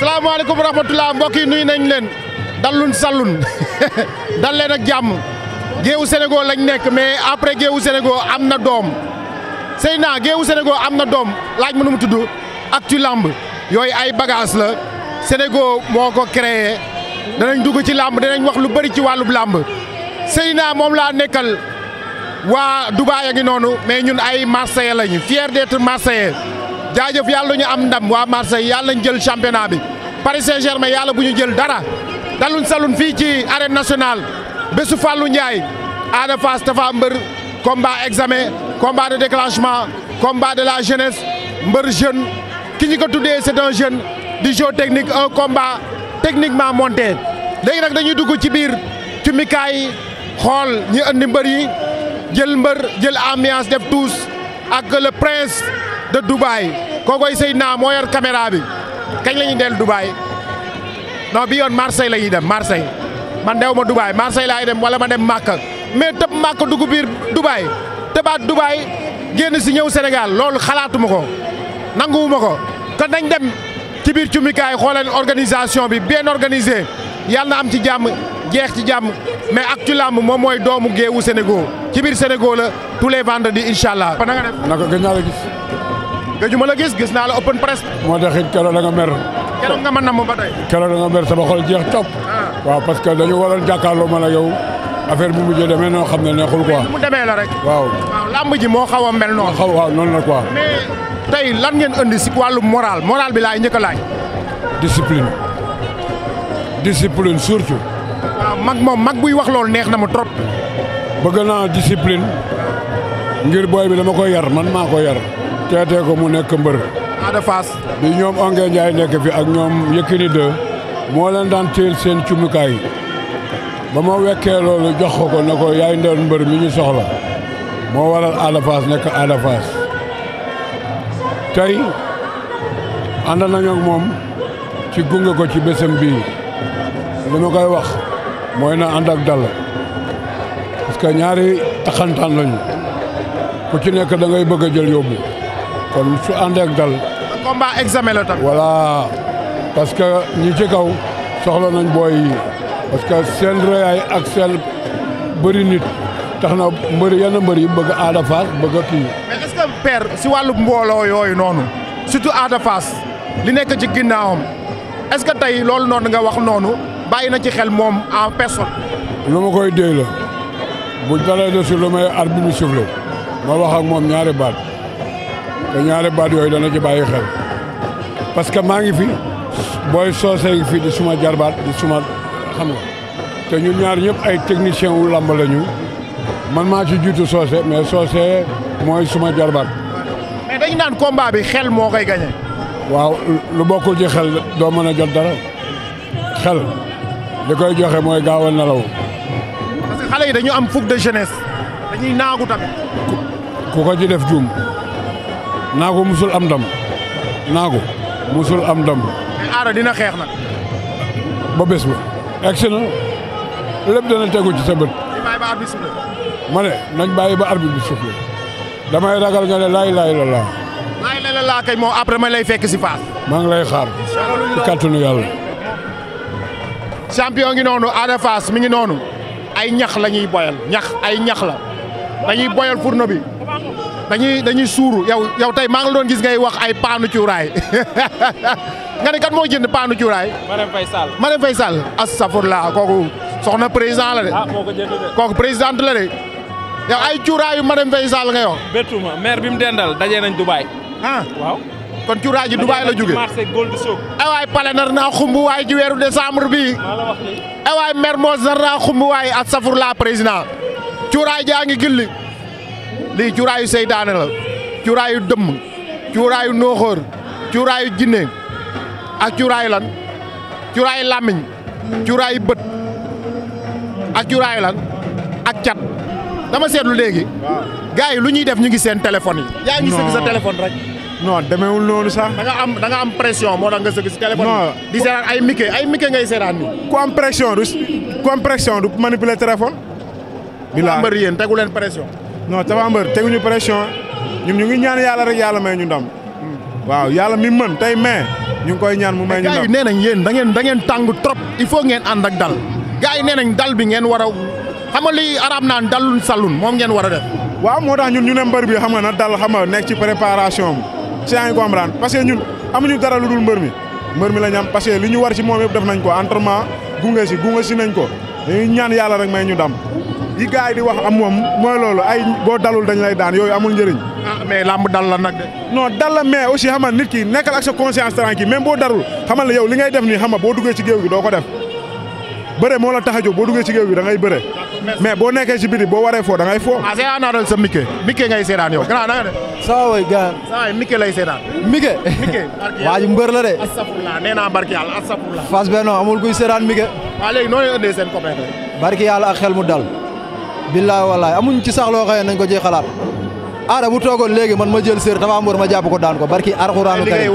salaamaaleykum wa rahmatulah mbokk yi nuyu nañ leen dallun sallun dal leen ak jàmm géewu Sénégal lañ nekk mais après géewu Sénégal am na doom Seyna géewu Sénégal am na doom laaj ma nu mu tudd ci làmb yooyu ay bagage la Sénégal moo ko créé danañ dugg ci làmb danañ wax lu bëri ci wàllub làmb naa moom laa nekkal waa Dubaay a ngi noonu mais ñun ay Marseillais lañu fier d'être Marseillais. jaajëf yàlla ñu am ndam waa Marseille yàlla ñu jël championnat bi Paris Saint-Germain yàlla bu ñu jël dara dalun salun fii ci arène nationale bésu Fallou Ndiaye Ada Fass Tapha Mbeur combat examen combat de déclenchement combat de la jeunesse mbër jeune ki ñu ko tuddee c'est un jeune du jeu technique un combat techniquement monté léegi nag dañuy dugg ci biir ci mikaay xool ñu andi mbër yi jël mbër jël ambiance def tous ak le prince de Dubaï kookoy Seydina moo yor caméra bi kañ la ñuy dellu Dubaï non bi yoon Marseille la ñuy dem Marseille man dew ma Dubaï Marseille laay dem wala ma dem Màkka mais tëb Màkka dugg biir Dubaï tëbaat Dubaï génn si ñëw Sénégal loolu xalaatuma ko nanguwuma ko kon nañ dem ci biir cumikaay xooleen organisation bi bien organisé yàlla na am ci jàmm jeex ci jàmm mais ak ci làmb moom mooy doomu géewu Sénégal ci biir Sénégal la tous les vendredis incha allah. naka gën naa la gis. gëju ma la gis gis naa la open press. moo tax it keroog da nga mer. keroog nga mën na mu ba tey. keroog da nga mer sama xol jeex topp. Ah. waaw parce que dañu waroon jàkkaarloo man ak yow affaire bi mujjee demee noo xam ne neexul quoi. mu demee la rek. waaw waaw lamb ji moo xaw a mel noonu. moo xaw waaw noonu la quoi. tey lan ngeen andi si wàllu moral moral bi laay njëkk a laaj. discipline discipline mag moom mag buy wax loolu neex na mu trop. bëgg naa discipline ngir booy bi dama koy yar man maa koy yar. teetee ko mu nekk mbër. Ada Fass. bi ñoom Ongué Ndiaye nekk fi ak ñoom Yékini de moo leen daan teel seen cumukaay ba ma wekkee jox ko ko ne ko yaay ndoon mbër mi ñu soxla moo waral Ada Fass nekk Ada tey ànd nañu ak moom ci gunge ko ci bésam bii li ma koy wax mooy na ànd ak dal parce que ñaari taxantaan lañu ku ci nekk da ngay bëgg a jël yóbbu. kon su ànd ak dal. combat examen la tam. voilà que ñi ci kaw soxla nañ booy yi parce que seen rëyaay ak seen bëri tax na mbëri yenn mbër yi bëgg aada bëgg a kii. mais est-ce si wàllu mbooloo yooyu noonu surtout aada faas li nekk ci ginnaawam est-ce que tey loolu noonu nga wax noonu bàyyi na ci xel moom en personne. lu ma koy déy la bu dalee de su lu may arbitre bi soufflé ma wax ak moom ñaari baat. te ñaari baat yooyu dana ci bàyyi xel parce que maa ngi fi booy soosee ngi fi di suma jarbaat di suma xam nga te ñun ñaar ñëpp ay technicien wu làmb la ñu man maa ci jiitu soose mais soose mooy suma jarbaat. mais dañu naan combat bi xel moo koy gañe. waaw lu bokkul ci xel doo mën a jot dara xel li koy joxe mooy gaaw a nelaw. parce que xale yi dañu am fougue de jeunesse dañuy naagu tamit. ku ko ci def naagu musul am ndam naagu musul am ndam. aada dina xeex nag. ba bés ba. egg si na lépp dana tegu ci sa ma ne nañ bàyyi ba arbitre bi soufflé damay ragal nga ne laay laay la laa. laay la laa kay moom après ma lay fekk si faas. maa ngi lay xaar. ci kàttanu yàlla. champion ngi noonu Ada Fass mi ngi noonu ay ñax la ñuy boyal ñax ay ñax la dañuy boyal fourneau bi. dañuy dañuy suuru yow yow tey maa ngi la doon gis ngay wax ay paanu cuuraay nga ne kat moo jënd paanu cuuraay. Marème Faye saal Marème Faye Sall astafurlah kooku soxna président la de. ah moo ko jënd kooku présidente la de yow ay cuuraayu Marème Faye Sall nga yo bettu maire bi mu dendal daje nañ Dubaay. waaw. kon cuuraay ji Dubaay la jóge marché Gold Sock ay waay pale nar naa xumb waay ji weeru de décembre bi ay waay Mermoz nar naa xumb waay astafurlah président cuuraay jaa ngi gilli lii cuuraayu seytaane la cuuraayu dëmm cuuraayu nooxóor cuuraayu jinne ak cuuraayu lan cuuraayu làmmiñ cuuraayu bët ak cuuraayu lan ak cat dama seetlu léegi gars yi lu ñuy def ñu ngi seen téléphone yi yaa ngi rek non demeewul noonu sax da nga am da nga am pression moo tax nga sëgg si téléphone di seetaan ay mike ay mike ngay seetaan ni ku am du ku am pression du manipuler téléphone bi laa mbër yéen tegu leen pression non Tapha Mbeur teguñu pression ñun ñu ngi ñaan yàlla rek yàlla may ñu ndam. waaw yàlla mi tey mais ñu ngi koy ñaan mu may ñu ndam. gars yi nee nañ yéen da ngeen da ngeen tàng trop i faut ngeen ànd ak dal gars yi nee nañ dal bi ngeen war a xam nga lii arab naan dalun salun moom ngeen war a def. waaw moo tax ñun ñu ne mbër bi xam nga na dal xam nga nekk ci préparation am si yaa ngi parce que ñun amuñu dara lu dul mbër mi mbër mi la ñu am parce que li ñu war ci moom yëpp def nañ ko entraînement gunge si gunge si nañ ko ñaan yàlla rek may ñu dam yi gars yi di wax am moom mooy loolu ay boo dalul dañ lay daan yooyu amul njëriñ. ah mais làmb dal la nag de. non dal la mais aussi xam nga nit ki nekkal ak sa conscience tranquille même boo darul xam nga yow li ngay def ni xam nga boo duggee ci géew gi doo ko def bëre moo la tax boo duggee ci géew gi da ngay bëre. mais boo nekkee ci biti boo waree foo da ngay foo. ah seetaan naa doon sa Mike Mike ngay seetaan yow grand na nga lay seetaan. Mike. Mike. mbër la de. astafurlah nee naa barki yàlla astafurlah. Fass Benno amul kuy seetaan Mike. waa ah, léegi yàlla ak xel billaay wallaay amuñ ci sax loo nañ ko ciy xalaat aada bu toogoon léegi man ma jël séer Tapha Mbeur ma jàpp ko daan ko barki arxuraanu karim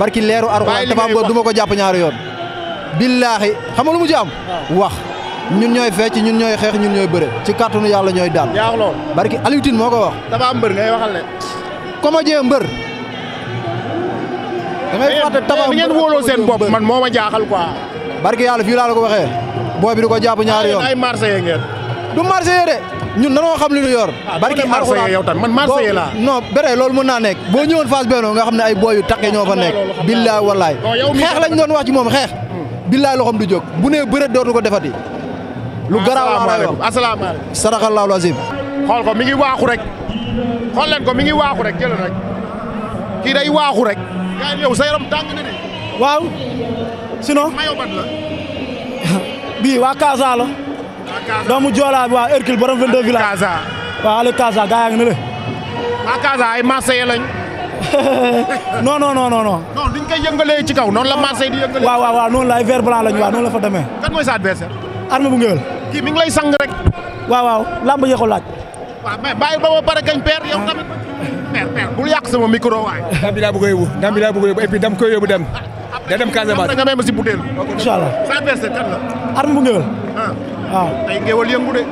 barki leeru arxuraan Tapha Mbeur du ma ko jàpp ñaari yoon billaahi xam nga lu mu ci am wax ñun ñooy fecc ñun ñooy xeex ñun ñooy bëre ci kàttanu yàlla ñooy daan barki Aliou Tine moo ko wax Tapha Mbeur ngay waxal ne comédien mbër da ngay fàtte Tapha Mbeur ngeen wóoloo seen man moo ma jaaxal quoi barki yàlla fii laa la ko waxee boo bi du ko jàpp ñaari yoon ay marché ngeen du Marseillais de ñun danoo xam li ñu yor. Ah, barki Marseillais yow tamit man Marseillais laa. non béré loolu mën naa nekk boo ñëwoon Fass Benno nga xam ne ay booy yu taqe ñoo fa nekk. billaay wallaay xeex lañ doon wax ci moom xeex. Hmm. billaay loxoom du jóg bu nee bëreet dootu ko defati. lu garaaw laa lay wax asalaamaaleykum saraxallaahu lazim. xool ko mi ngi waaxu rek. xool leen ko mi ngi waaxu rek jël rek. kii waaxu rek. yaa yow sa yaram waaw sinon. bii waa Casa la. doomu Joola bi waaw Hercule borom 22 village Kaza waaw Aliou Kaza gaa yaa ngi ne le waa Kaza ay Marseillais lañ non non non non non duñ koy yëngalee ci kaw noonu la Marseille di yëngalee waaw waaw waaw noonu la ay vert blanc lañ waaw noonu la fa demee kan mooy sa adversaire arme bu ngëwël kii mi ngi lay sang rek waaw waaw lamb yee ko laaj waaw mais bàyyi ba ba pare gañ père yow tamit père père bul yàq sama micro waay ndam bi laa bëgg a yóbbu ndam bi laa bëgg a yóbbu et puis dam koy yóbbu dem da ah, ah, dem ah, Casamance nga may ma si butéel incha allah sa adversaire kan la arme bu ngëwël waaw tey ngéwal yëngu de.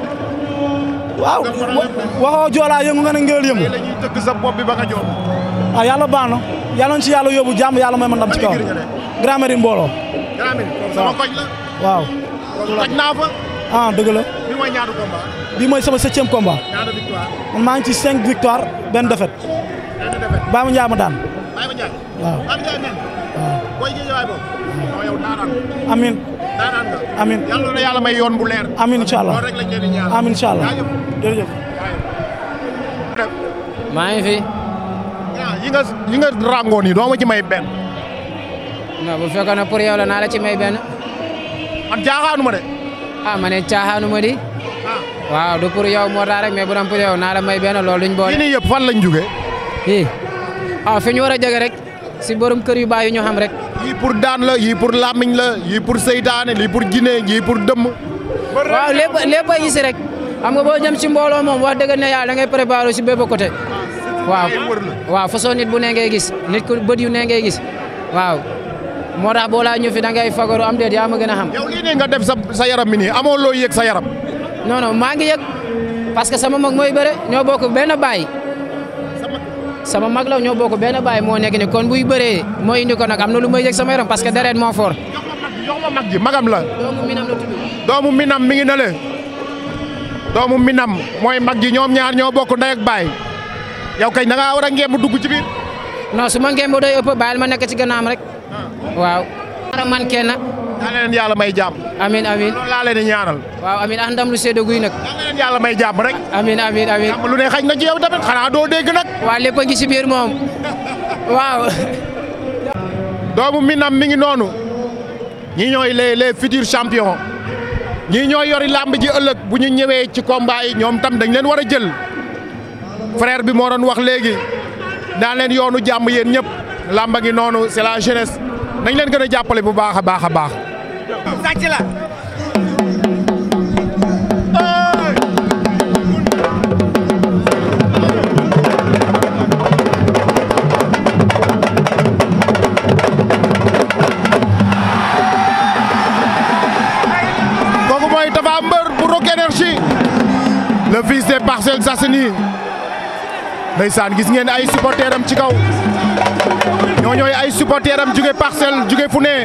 waaw waxoo nga ne ngéwal yëngu. tey la ñuy bi ba ah, yàlla baax na yàlla na ci yàlla yóbbu jàmm yàlla may ma ndam ci kaw Grand Médine mbooloo. waaw. koñ la. Ah, bii mooy ñaata bii mooy sama septième combat. ñaata victoire. man maa ngi ci cinq victoire benn défaite. benn daan. Baye amin yàlla na yàlla bu leer. amin incha allah amin incha allah jërëjëf. maa ngi fi. yi nga yi nga ràngoon yi doo ma benn. non bu fekkoon ne pour yow la naa la ci may benn. man jaaxaanu ma de. ah ma ne caaxaanu ma di. Ah. waaw du pour yow moo tax rek mais bu doon pour yow naa la may benn loolu duñ boole. fii nii yëpp fan lañ jugee. Ah, fii rek. si borom kër yu bàyyi ñu xam rek. yii pour daan la yii pour làmmiñ la yii pour seytaane lii pour jinne yii pour dëmm. waaw lépp lépp a rek xam nga boo jëm si mbooloo moom wax dëgg ne yàlla da ngay préparé si bépp côté. waaw waaw façon nit bu ne ngay gis nit ku bët yu ne ngay gis waaw. moo tax boo laa ñëw fi dangay ngay fagaru am déet yaa ma gën a xam. yow lii def sa sa yaram mi nii amoo loo yëg sa yaram. non maa ngi yëg parce que sama mag mooy bëre ñoo bokk benn baay. sama mag la ñoo bokk benn baay moo nekk ni bu buy bëree moo indi ko am na lu may yëg sama yaram parce que deret moo fort. jox ma mag ji magam la. doomu minam la tudd. doomu mi ngi na le doomu minam mooy mag ji ñoom ñaar ñoo bokk ndey ak baay yow kay da ngaa war a ngeem dugg ci biir. non su ma ngeem day ëpp baayal ma nekk ci gannaam rek. Ah. waaw. man kenn. daa yàlla may jàmm amin amin loolu laa leen di ñaanal waaw amin ak ndam lu seddo guy nag daa leen yàlla may jàmm rek amin amin amin lu ne xaj na ci yow tamit xanaa doo dégg nag waa lépp a ngi si moom waaw doomu Minam mi ngi noonu ñi ñooy les les futurs champions ñii ñooy yori làmb ji ëllëg bu ñu ñëwee ci combat yi ñoom tam dañ leen war a jël frère bi moo doon wax léegi daan leen yoonu jàmb yeen ñëpp làmba gi noonu c'est la jeunesse nañ leen gën a jàppale bu baax a baax a baax sàcc la kooku mooy Tapha Mbeur bu Rock Énergie le fils des Parcelles Assainies ndeysaan gis ngeen ay supporters ci kaw ñoo ñooy ay supporters am jóge parcelle jóge fu ne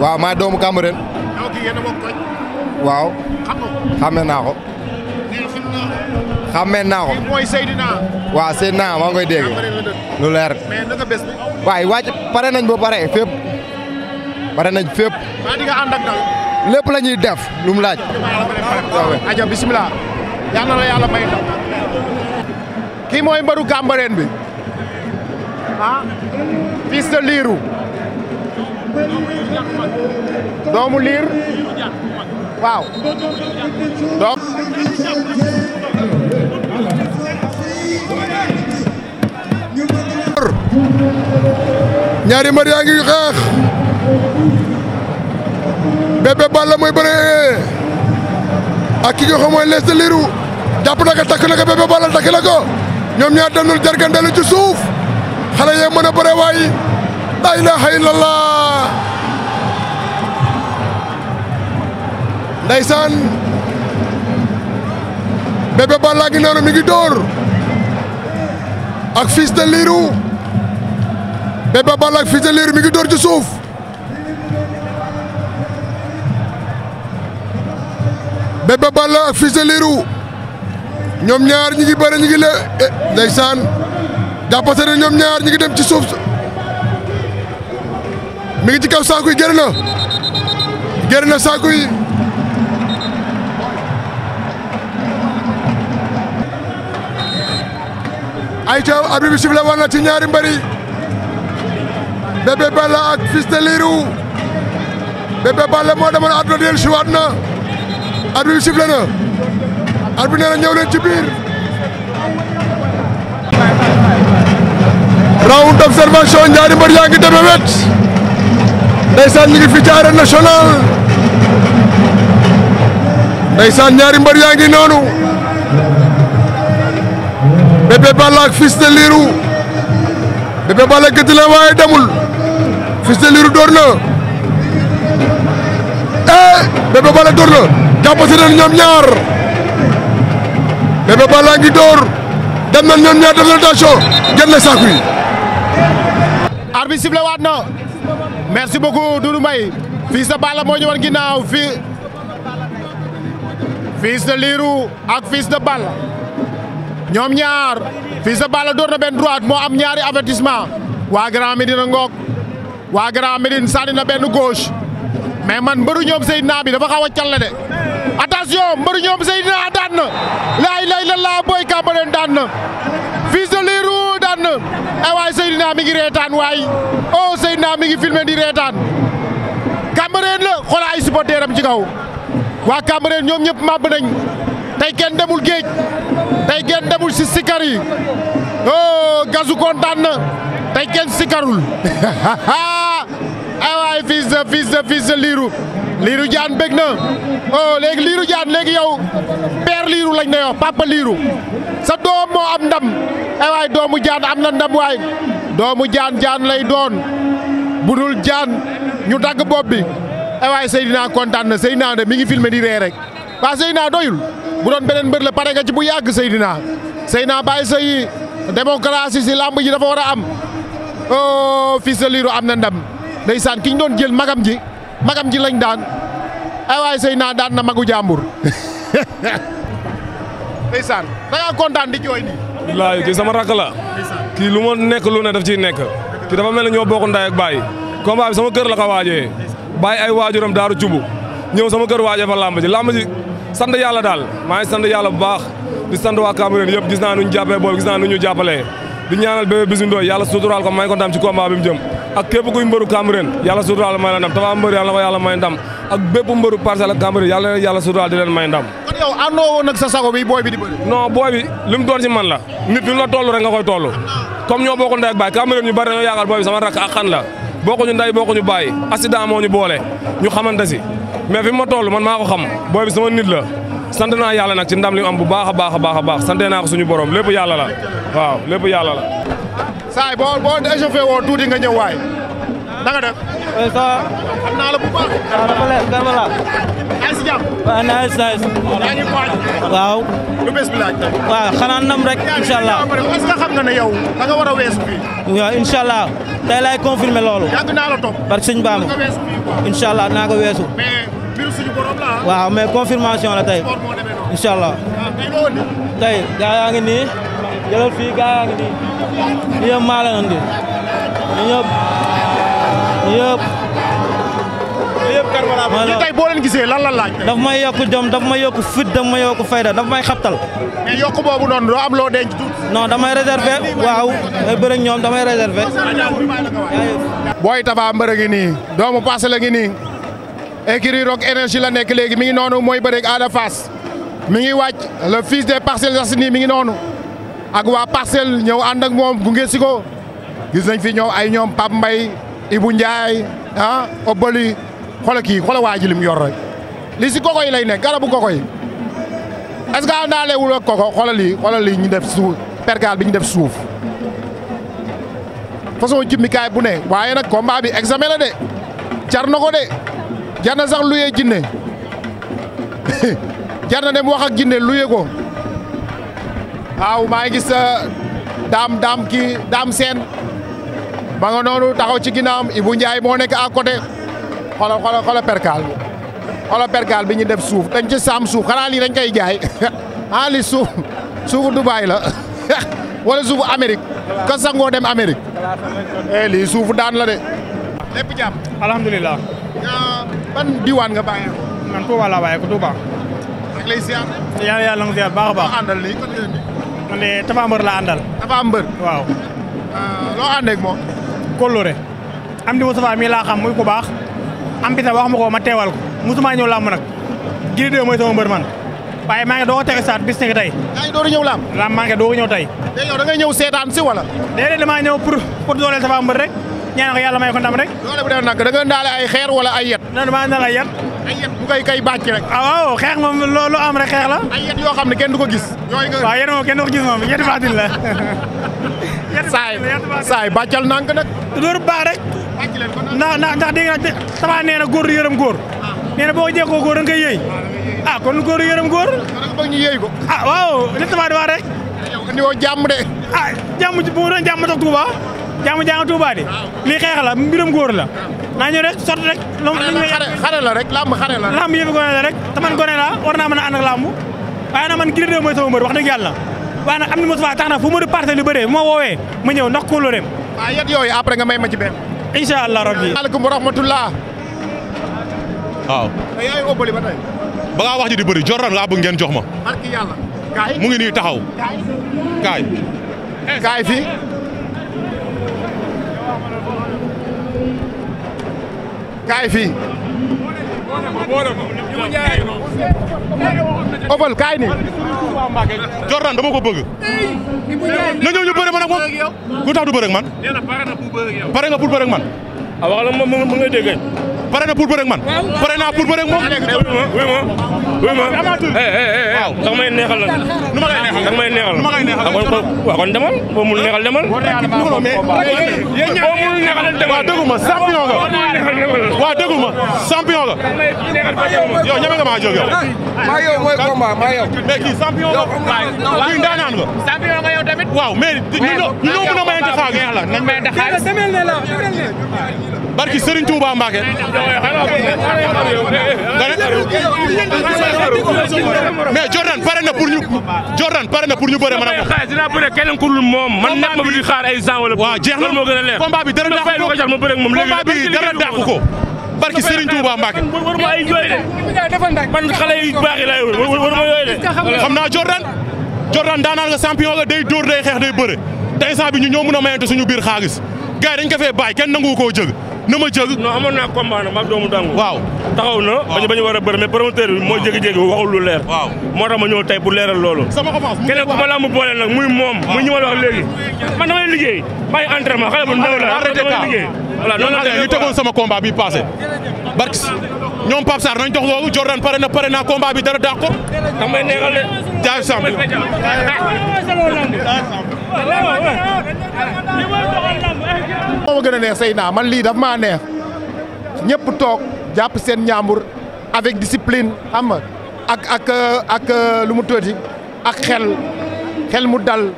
waaw maa doomu Cambérène. waaw. xame naa ko. xame naa ko. waaw Seydina maa ngi koy dégg. lu leer. waaye wàcc pare nañ ba pare nañ fépp. lépp la ñuy def lu mu laaj. aja bisimilah. kii mooy mbaru Cambérène bi. ah. fils de doomu liir waaw doom ñaari mbër ngi xeex Bébé Balla mooy bëre ak ki nga xam mooy Less Lirou jàpp na ko takk na ko Bébé Balla takk na ko ñoom ñaar dañul jargandalu ci suuf xale yee mën a bëre waay la ilaha illallah ndeysaan Bébé Balla ngi noonu mi ngi dóor ak Fils de Lirou Bébé Balla ak Fils de mi ngi dóor ci suuf Bébé Balla ak Fils de ñoom ñaar ñi ngi bëre ñi ngi le e, ndeysaan jàppase ne ñoom ñaar ñi ngi dem ci suuf mi ngi ci kaw saaku yi gër na gër na saaku yi ayca arbitre bi sifflé woon ci ñaari mbëri Bébé Balla ak Fils de Lirou Bébé Balla moo demoon arbitre del si waat na bi sifflé na arbitre nee na ci biir round d'observation ñaari mbër ngi demee wet ndeysaan ñu ngi fii ci arène nationale ñaari mbër yaa ngi noonu Bébé Balla ak Fils de Lirou Bébé Balla gëdd la waaye demul Fils de Lirou na eh Bébé Balla door na jàppante ñaar Bébé Balla ngi door dem ñaar def na tension na saako yi. arbitre sifflé waat na merci beaucoup Doudou Mbaye Fils de Balla moo ñu wan ginnaaw fii Fils liiru Lirou ak Fils de Balla. ñoom ñaar Fils de Balla door benn droite moo am ñaari avertissement waa Grand Médine ngoog waa Grand Médine sànni na benn gauche mais man mbëru ñoom Seydina bi dafa xaw a calle de attention mbëru ñoom Seydina daan na laay lay la laa booy daan na Fils de Lirou daan na ay eh waay mi ngi reetaan waay oh Seydina mi ngi filmé di reetaan Cambérène la xoola ay supporteram ci kaw waa Cambérène ñoom ñëpp màbb nañ tey kenn demul géej tey kenn demul si sikar oh, gasu oh kontaan na tey kenn sikarul ay waay fils de fils liiru liiru jaan bég na oh léegi liiru jaan léegi yow père liiru lañ na yow papa liiru sa doom moo am ndam ay doomu jaan am na ndam waay doomu jaan jaan lay doon budul jaan ñu dagg bopp bi ay waay naa kontaan na Seydina de mi ngi filmé di ree rek waa doyul bu doon beneen mbër la pare nga ci bu yàgg Seydina Seydina bàyyi sa yi démocratie si làmb ji dafa war a am oh fils de am na ndam ndeysaan ki ñu doon jël magam ji magam ji lañ daan ay waay naa daan na magu jàmbur ndeysaan da ngaa kontaan di jooy nii. wallaahi kii sama rakk la. kii lu ma nekk lu ne daf ciy nekk. kii dafa mel ne ñoo bokk ndaay ak baay. combat bi sama kër la ko waajee. baay ay waajuram daaru cubu ñëw sama kër waajee fa làmb ji làmb ji. sant yàlla daal maa ngi sant yàlla bu baax di sant waa Cameroun yëpp gis naa nu ñu jàppee boobu di ñaanal bébé Bisu Ndoye suturaal ko may ko ndam ci combat bi jëm ak képp kuy mbëru Cameroun yàlla suturaal may la ndam Tapha Mbeur yàlla ko yàlla may mbëru Parcelles ak Cameroun suturaal di leen may ndam kon yow àndoo sa sago bi booy bi di bëri non booy bi li mu doon man la nit ñu la toll rek nga koy toll comme ñoo bokk ndey ak baay ñu bari dañoo mais fi ma tool ma maa ko xam booy bi sama nit la sant naa yàlla nag ci ndam li am bu baax a baax a a baax sante naa suñu suñu borom bu yàlla la waaw lépp yàlla la. saay boo boo échauffé woo tuuti nga ñëw waay na nga oui ça va. naa la bu baax. waaw ah, dafa leer dafa rek. incha allah est-ce que loolu. yàgg naa la naa ko weesu. mais mbiru suñu la ah. waaw mais confirmation la tey. incha allah. Ah, tey gaa yaa ngi nii jëlal yëpp. yëpp Karbala ñu tey boo leen lan la laaj. daf may yokk jom daf may yokk fit daf may yokk fayda daf may xabtal. yokk boobu noonu doo am loo denc tuuti. non damay réserver waaw ay bëreeg ñoom damay réserver. booy Tapha Mbeur a nii doomu paase la ngi nii. écurie Rock énergie la nekk léegi mi ngi noonu mooy bëreeg Ada Fass mi ngi wàcc le fils des Parcelles Assainies mi ngi noonu ak waa parcelle ñëw ànd ak moom gunge si ko gis nañ fi ñoom ay ñoom Pape Ibou Ndiaye ah Obali xoolal kii xoolal waa ji lim yor rek li yi lay ne garabu koko yi est-ce que àndaalewul ak koko xoolal lii xoolal lii ñu def suuf pergal bi ñu def suuf façon jimmikaay bu ne waaye nag combat bi examen de jar na ko de jar na sax luyee jinne jar na dem wax ak jinne luyee ko waaw maa ngi daam euh, daam kii daam seen. ba nga noonu taxaw ci ginnaawam Ibou Ndiaye moo nekk à côté xoolal xoolal xoolal perkaal xoolal perkaal bi ñu def suuf dañ ci saam suuf xanaa yi dañ koy jaay ah lii suuf suufu Dubaay la wala suufu Amérique ka sangoo dem Amérique eh lii suufu daan la de. lépp jàmm. alhamdulilah. ban diwaan nga bàyyi man Touba laa bàyyi ko Touba. ak lay ziar. yàlla yàlla na ziar baax a baax. àndal lii man de Tafa Mbër laa àndal. Tafa Mbër. kóllóore am di Moustapha mii laa xam muy ku baax am bi tam wax ma ko ma teewal ko musuma ñëw làmb nag Gris 2 mooy sama mbër man waaye maa ngi doog a teg stade bis ni tey. yaa ngi doog a ñëw làmb. làmb maa ngi doog a ñëw tey. mais yow da ngay ñëw seetaan si wala. déedéet damaa ñëw pour pour dooleel Tapha Mbeur rek ñaan ko yàlla may ko ndam rek. doole bu dee nag da nga ndaale ay xeer wala ay yet. non damaa ndaale yet. ay yet kay bàcc rek. ah waaw xeex moom loo am rek xeex la. ay yet yoo xam ne kenn du ko gis. yooyu nga waaw yéen moom kenn yet baatin saay saay bàccal nànk nag. loolu baax rek. ndax ndax ndax dégg nga sama nee na góor yërëm góor. nee na boo jekkoo nga koy yëy. ah kon góor yërëm góor. kon ñu yëy ko. rek. andi woo jàmm de. ah jàmm bu ma doon jàmm toog Touba. jàmm jàng Touba de. lii xeex la mbiram góor la. naa ñëw rek sort rek. xare la rek làmb xare la. làmb rek. taman gone war naa mën a ànd man Gris 2 mooy sama mbër wax dëgg yàlla waaye am na mosuwaay tax na fu mu di parté lu bëree bu ma woowee ma ñëw ndax kóolu dem. nga may ma ci benn. incha allah rabbi. maaleykum rahmatullah. waaw. mais yaay ëppali ba Jordan laa ngeen jox ma. barki yàlla. mu ngi nii taxaw. kaay. Eh. kaay fii. kaay kaay nii. Jordan dama ko bëgg. na ñëw ñu bëre man ak moom ku tax du bëre ak man. pare nga pour bëre ak man. ah wax la ma ma nga dégg. pare na pour bëre man. pare naa pour bëre ak moom. oui ma waaw da may neexal la. nu ma lay neexal da may neexal. waaw kon demal boo mun neexal demal. non mais yéen ñaar mun neexal demal. waaw déggu ma champion nga. waaw déggu ma champion nga. yow ñeme nga maa jóg yow. maa yow mooy combat maa yow. mais kii champion nga. kii ndaanaan nga. champion nga waaw a mais Jordan pare na pour ñu Jordan pare na pour ñu bëre ma bi di ay gens wala. waaw jeex na combat dara dàqu ko combat bi dara dàqu naa Jordan Jordan daanaan nga champion nga day dóor day xeex day bëre te instant bi ñu ñoo mën a mayante suñu biir xaalis gars yi dañ ko fee bàyyi kenn nangu koo jëg na ma jëg. non amoon naa combat na maag doomu dangu. waaw taxaw na. waaw bañ bañ war a bëri mais promoteur moo jékki-jékki waxul lu leer. waaw moo tax ma ñëw tey pour leeral loolu. sama ma boole nag muy moom. muy ñi ma la wax léegi. man damay liggéey bàyyi entraînement xale bu ndaw la damay liggéey. voilà noonu la ñu tegoon sama combat bi ñoom Pape Sarr nañ dox loolu Jordan pare na pare naa combat bi dara dàq ko. damay neexal jaay Samb. moo ma gën a neex Seyna man lii daf maa neex ñëpp toog jàpp seen ñaambur avec discipline xam nga ak ak ak lu mu tuuti ak xel xel mu dal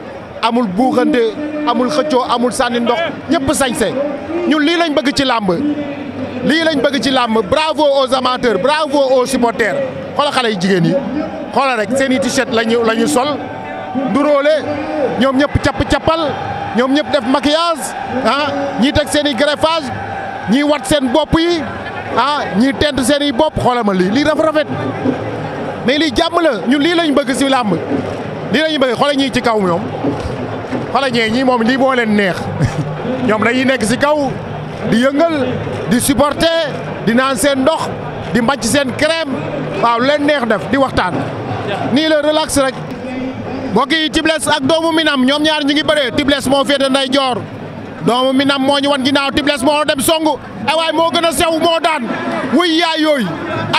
amul buuxante amul xëccoo amul sànni ndox ñëpp sañse ñu lii lañ bëgg ci làmb. lii lañ bëgg ci làmb bravo aux amateurs bravo aux supporters xoola xale yi jigéen yi xoola rek seen i t-shirt lañu la ñu sol nduróole ñoom ñëpp capp-cappal ñoom ñëpp def maquillage ah ñii teg seen i greffage ñii wat seen bopp yi ah ñii tent seen i bopp xoola ma lii lii dafa rafet mais lii jàmm la ñun lii lañ bëgg si làmb lii lañu bëgg xoola ñii ci kaw ñoom xoola ñee ñii moom lii moo leen neex ñoom dañuy nekk ci kaw di yëngal di supporter di naan seen dox di mbàcc seen crème waaw leen neex def di waxtaan. nii la relax rek mbokk yi Tibles ak doomu Minam ñoom ñaar ñu ngi bëree Tibles moo féete nday joor doomu Minam moo ñu wan ginnaaw Tibles moo dem songu waaye moo gën a sew moo daan wuy yaay yooyu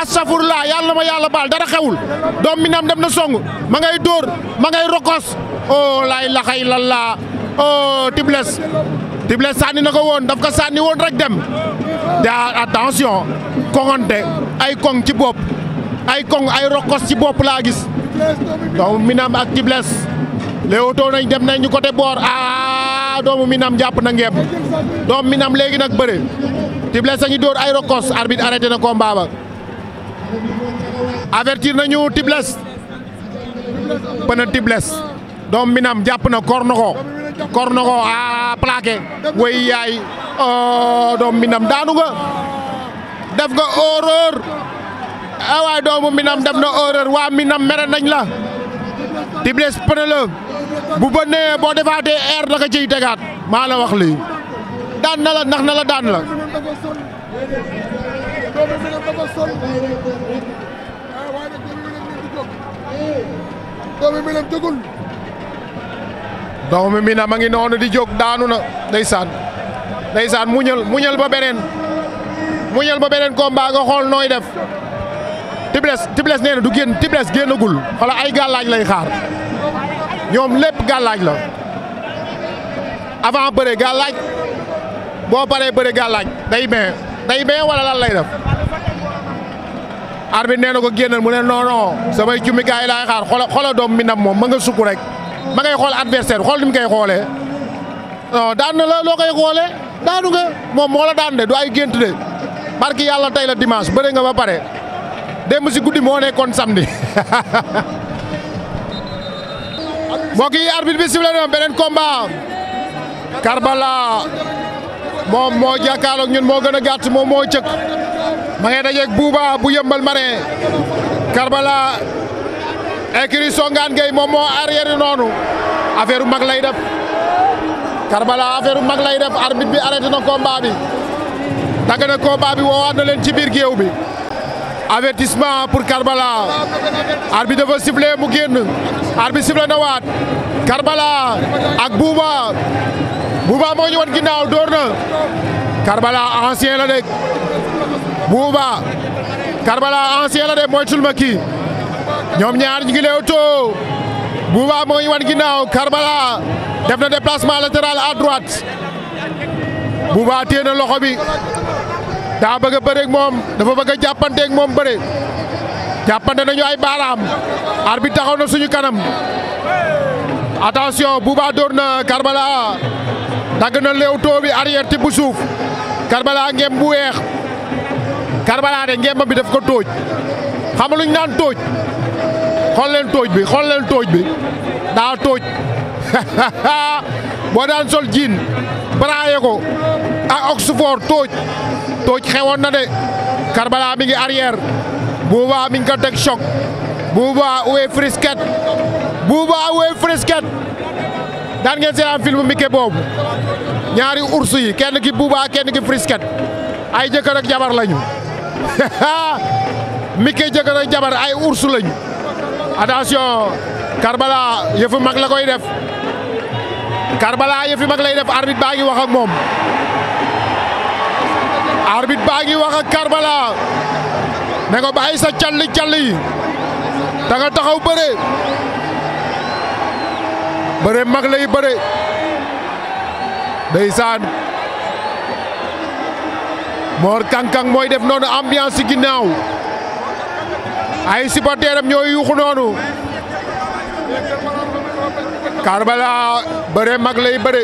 astafurlaa yàlla ma yàlla baal dara xewul doomu Minam dem na songu ma ngay dóor ma ngay rokos oh laay laxay lallaa oh Tibles Tibles sànni na ko woon daf ko sànni woon rek dem. daa attention koŋonte ay koŋ ci bopp ay koŋ ay rokkos ci bopp laa gis doomu Minam ak Tibles léewtoo nañ dem ñu côté boor a ah, doomu Minam jàpp na ngeem doomu Minam léegi nag bëre Tibles a ngi dóor ay rokkos arbitre arrêté na combat ba avertir nañu Tibles pëna Tibles doomu Minam jàpp na koor kor ko a plaqué way yaay doomu mbindam daanu nga def nga horreur a waay doomu mbindam def na horreur waa mbindam mere nañ la Tibles Peuleux bu bënnee boo defaatee air da ciy tegaat maa la wax lii daan na la nax na la daan la doomu mbindam doomu Mina ma ngi noonu di jóg daanu na day saan ndeysaan ndeysaan muñal muñal ba beneen muñal ba beneen combat nga xool nooy def Tibles Tibles nee na du génn Tibles génnagul wala ay gàllaaj lay xaar ñoom lépp gàllaaj la avant bëre gàllaaj boo paree bëre gàllaaj day bañ day bañ wala lan lay def arbitre nee na ko génnal mu ne non non samay cumikaay laay xaar xoola xoola doom mi nam moom ma nga sukk rek ma ngay xool adversaire xool ni mu koy xoolee non daan na la loo daanu nga moom moo la daan de du ay gént de barki yàlla tey la dimanche bëre nga ba pare démb si guddi moo nekkoon samedi. mbokk yi arbitre bi sifflé na beneen combat Karbala moom moo jàkkaarloog ñun moo gën a gàtt moom moo cëkk ma ngay dajeeg Bouba bu yëmbal mare Karbala. écurie Songane Gueye moom moo noonu affaire mag lay def Karbala mag lay def arbitre bi arrêté na combat bi dagg na combat bi woowaat na leen ci biir géew bi avertissement pour Karbala arbitre dafa sifflé mu génn arbitre na waat Karbala ak Bouba Bouba moo ñu wan ginnaaw door na Karbala ancien la de Bouba Karbala ancien la de mooy tulma kii ñoom ñaar ñu ngi leewtoo Bouba moo ngi wan ginnaaw Karbala def na déplacement latéral à droite Bouba loxo bi daa bëgg a moom dafa bëgg a jàppanteeg moom bëre jàppante nañu ay ar bi taxaw na suñu kanam attention Bouba dóor na Karbala dagg na leewtoo bi arrière ti bu suuf Karbala ngem bu weex Karbala de ngembam bi def ko tóoj xamaluñ naan tóoj xool tooj bi xool leen tooj bi daa tooj boo daan sol jiin braaye ko ak Oxford tooj tooj xewoon na de Karbala mi ngi arrière Bouba mi ngi ko teg choc Bouba oué frisket Bouba oué frisket daan ngeen seetaan film Mickey boobu ñaari ours yi kenn ki Bouba kenn ki frisket ay jëkkër jabar lañu Mickey jëkkër jabar ay ours lañu attention Karbala yëfu mag la koy def Karbala yëfi mag lay def arbitre baa ngi wax ak moom arbitre baa ngi wax ak Karbala ne ko bàyyi sa calli calli yi da nga taxaw bëre bëre mag lay bëre ndeysaan Mor Kang Kang mooy def noonu ambiance ci ginnaaw ay supporter am ñoo yuuxu noonu Karbala bëre mag lay bëre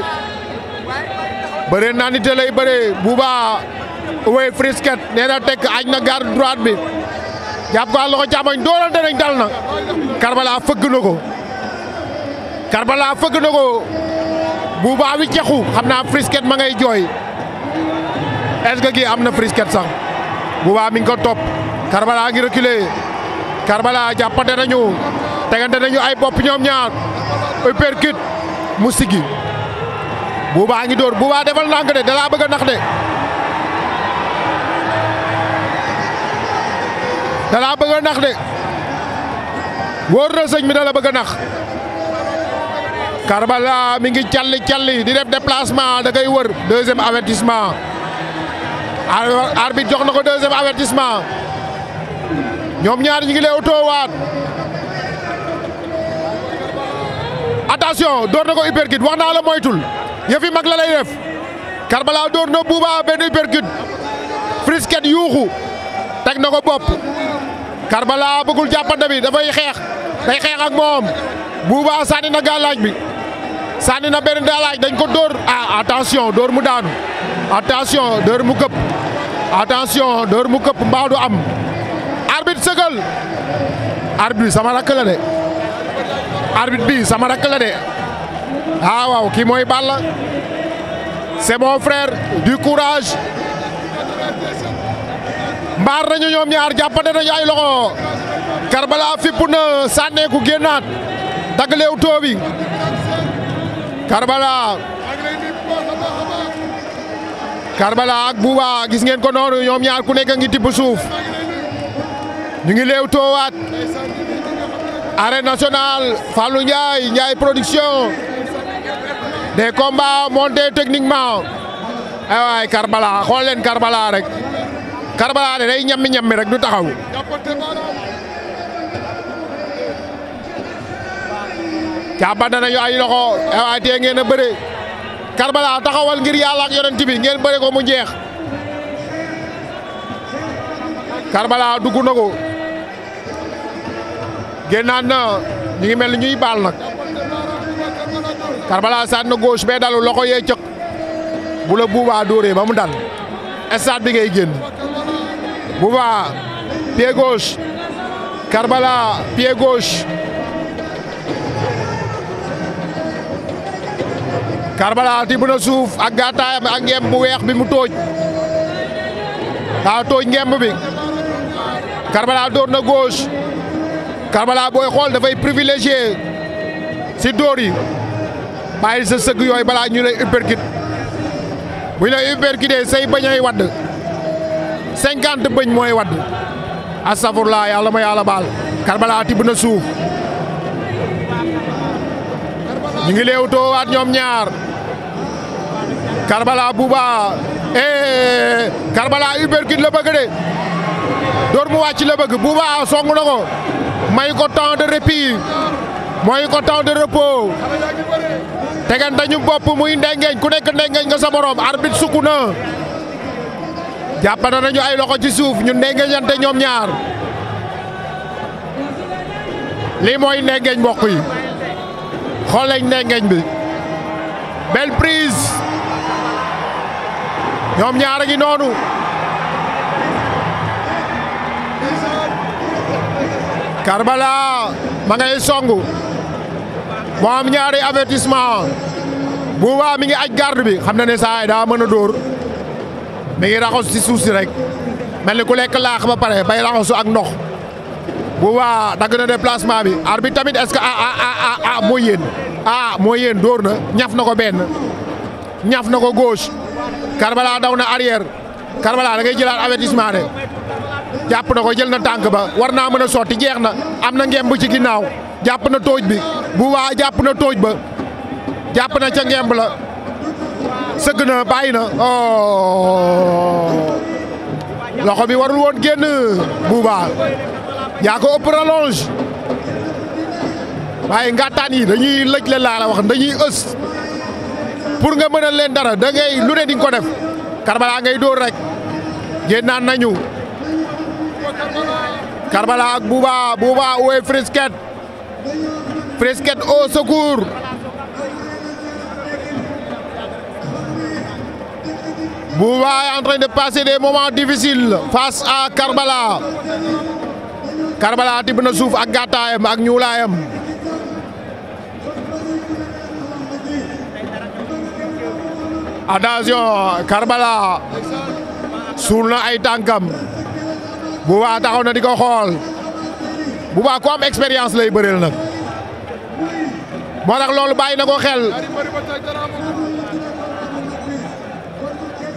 bëre naanite lay bëre Bouba wey frisket nee tekk aj na garde droite bi jàpp ko loxo càmmoñ doolante nañ dal na Karbala fëgg na ko Karbala fëgg na ko Bouba wi cexu xam naa frisket ma ngay jooy est-ce que kii am na frisket sax Bouba mi ngi ko topp Karbala a ngi Karbala jàppante nañu tegante nañu ay bopp ñoom ñaar uppercut mu siggi Bouba ngi dóor Bouba defal ndànk de dalaa bëgg a nax de dalaa bëgg a nax de wóor sëñ mi dala bëgg a nax Karbala mi ngi calli calli di def déplacement da koy wër deuxième avertissement arbitre jox na ko deuxième avertissement ñoom ñaar ñi ngi leew toowaat attention door na ko uppercut wax naa la moytul yëfi mag la lay def Karbala door na Bouba benn uppercut frisket yuuxu teg na ko bopp Karbala bëggul jàppante bi dafay xeex day xeex ak moom Bouba sànni na gàllaaj bi sànni na benn gàllaaj dañ ko door ah attention door mu daanu attention door mu këpp attention door mu këpp mbaa du am arbitre sëgal arbitre bi sama rakk la de arbitre bi sama rakk la de ah waaw kii mooy Balla c'est mon frère du courage mbaar nañu ñoom ñaar jàppante nañu ay loxo Karbala fippu na sànneeku génnaat dagg leew toobi Karbala Karbala ak Bouba gis ngeen ko noonu ñoom ñaar ku nekk ngi tibb suuf ñu ngi leew toowaat arène nationale Fallou Ndiaye Ndiaye production des combats montés techniquement ay eh waay Karbala xool rek Karbala de day ñammi ñammi rek du taxaw jàppante nañu ay loxo eh ay tee ngeen a bëre Karbala taxawal ngir yàlla ak yonent bi ngeen bëre ko mu jeex Karbala dugg na ko génnaat na ñu ngi mel ni ñuy baal nag Karbala saat na gauche bee dalu loxo yee cëq bu la buubaa dóoree ba mu dal stade bi ngay génn buubaa pied gauche Karbala pied gauche Karbala tibb na suuf ak gàttaayam ak ngemb bu weex bi mu tooj daa tooj ngemb bi Karbala dóor na Karbala booy xool dafay privilégié si dóor yi bàyyi sa yooyu balaa ñu lay uppercut bu ñu lay uppercutee say bañay wadd cinquante bëñ mooy wadd astafurlaa yàlla ma yàlla baal Karbala tibb na suuf ñu ngi leew toowaat ñoom ñaar Karbala Bouba eh Karbala uppercut la bëgg de dóor mu wàcc la bëgg Bouba song na may ko temps de répit mooy ko temps de repos tegante ñu bopp muy ndengeñ ku nekk ndengeñ nga sa morom arbitre sukk na jàppana nañu ay loxo ci suuf ñu ndengeñante ñoom ñaar lii mooy ndengeñ mbokk yi xool lañ bi belle prise ñoom ñaar noonu Karbala ma ngay songu moo am ñaari avertissement Bouba mi ngi aj garde bi xam na ne saa yi daa mën a dóor mi ngi raxasu ci suuf si rek mel ni ku lekk laax ba pare bay raxasu ak ndox Bouba dagg na déplacement bi ar bi tamit est-ce que ah a ah, ah, ah, ah moo yéen dóor na ñaf na ko benn ñaf na ko gauche Karbala daw na arrière Karbala da ngay jëlaat avertissement jàpp na ko jël na tànk ba war naa mën a sotti jeex na am na ngemb ci ginnaaw jàpp na tooj bi bu waa jàpp na tooj ba jàpp na ca ngemb la sëgg na bàyyi na loxo bi warul woon génn buuba yaa ko ëpp rallonge waaye ngàttaan yi dañuy lëj le laa la wax dañuy ës pour nga mën a leen dara da lu ne di ko def Karbala ngay dóor rek génnaan nañu Karbala ak Bouba Bouba où Frisket Frisket au secours Bouba est de passer des moments difficiles face à Karbala Karbala tibb suuf ak gàttaayam ak ñuulaayam attention Karbala suul ay tànkam Bouba taxaw na di ko xool Bouba ku am lay bëreel nag moo tax loolu bàyyi na ko xel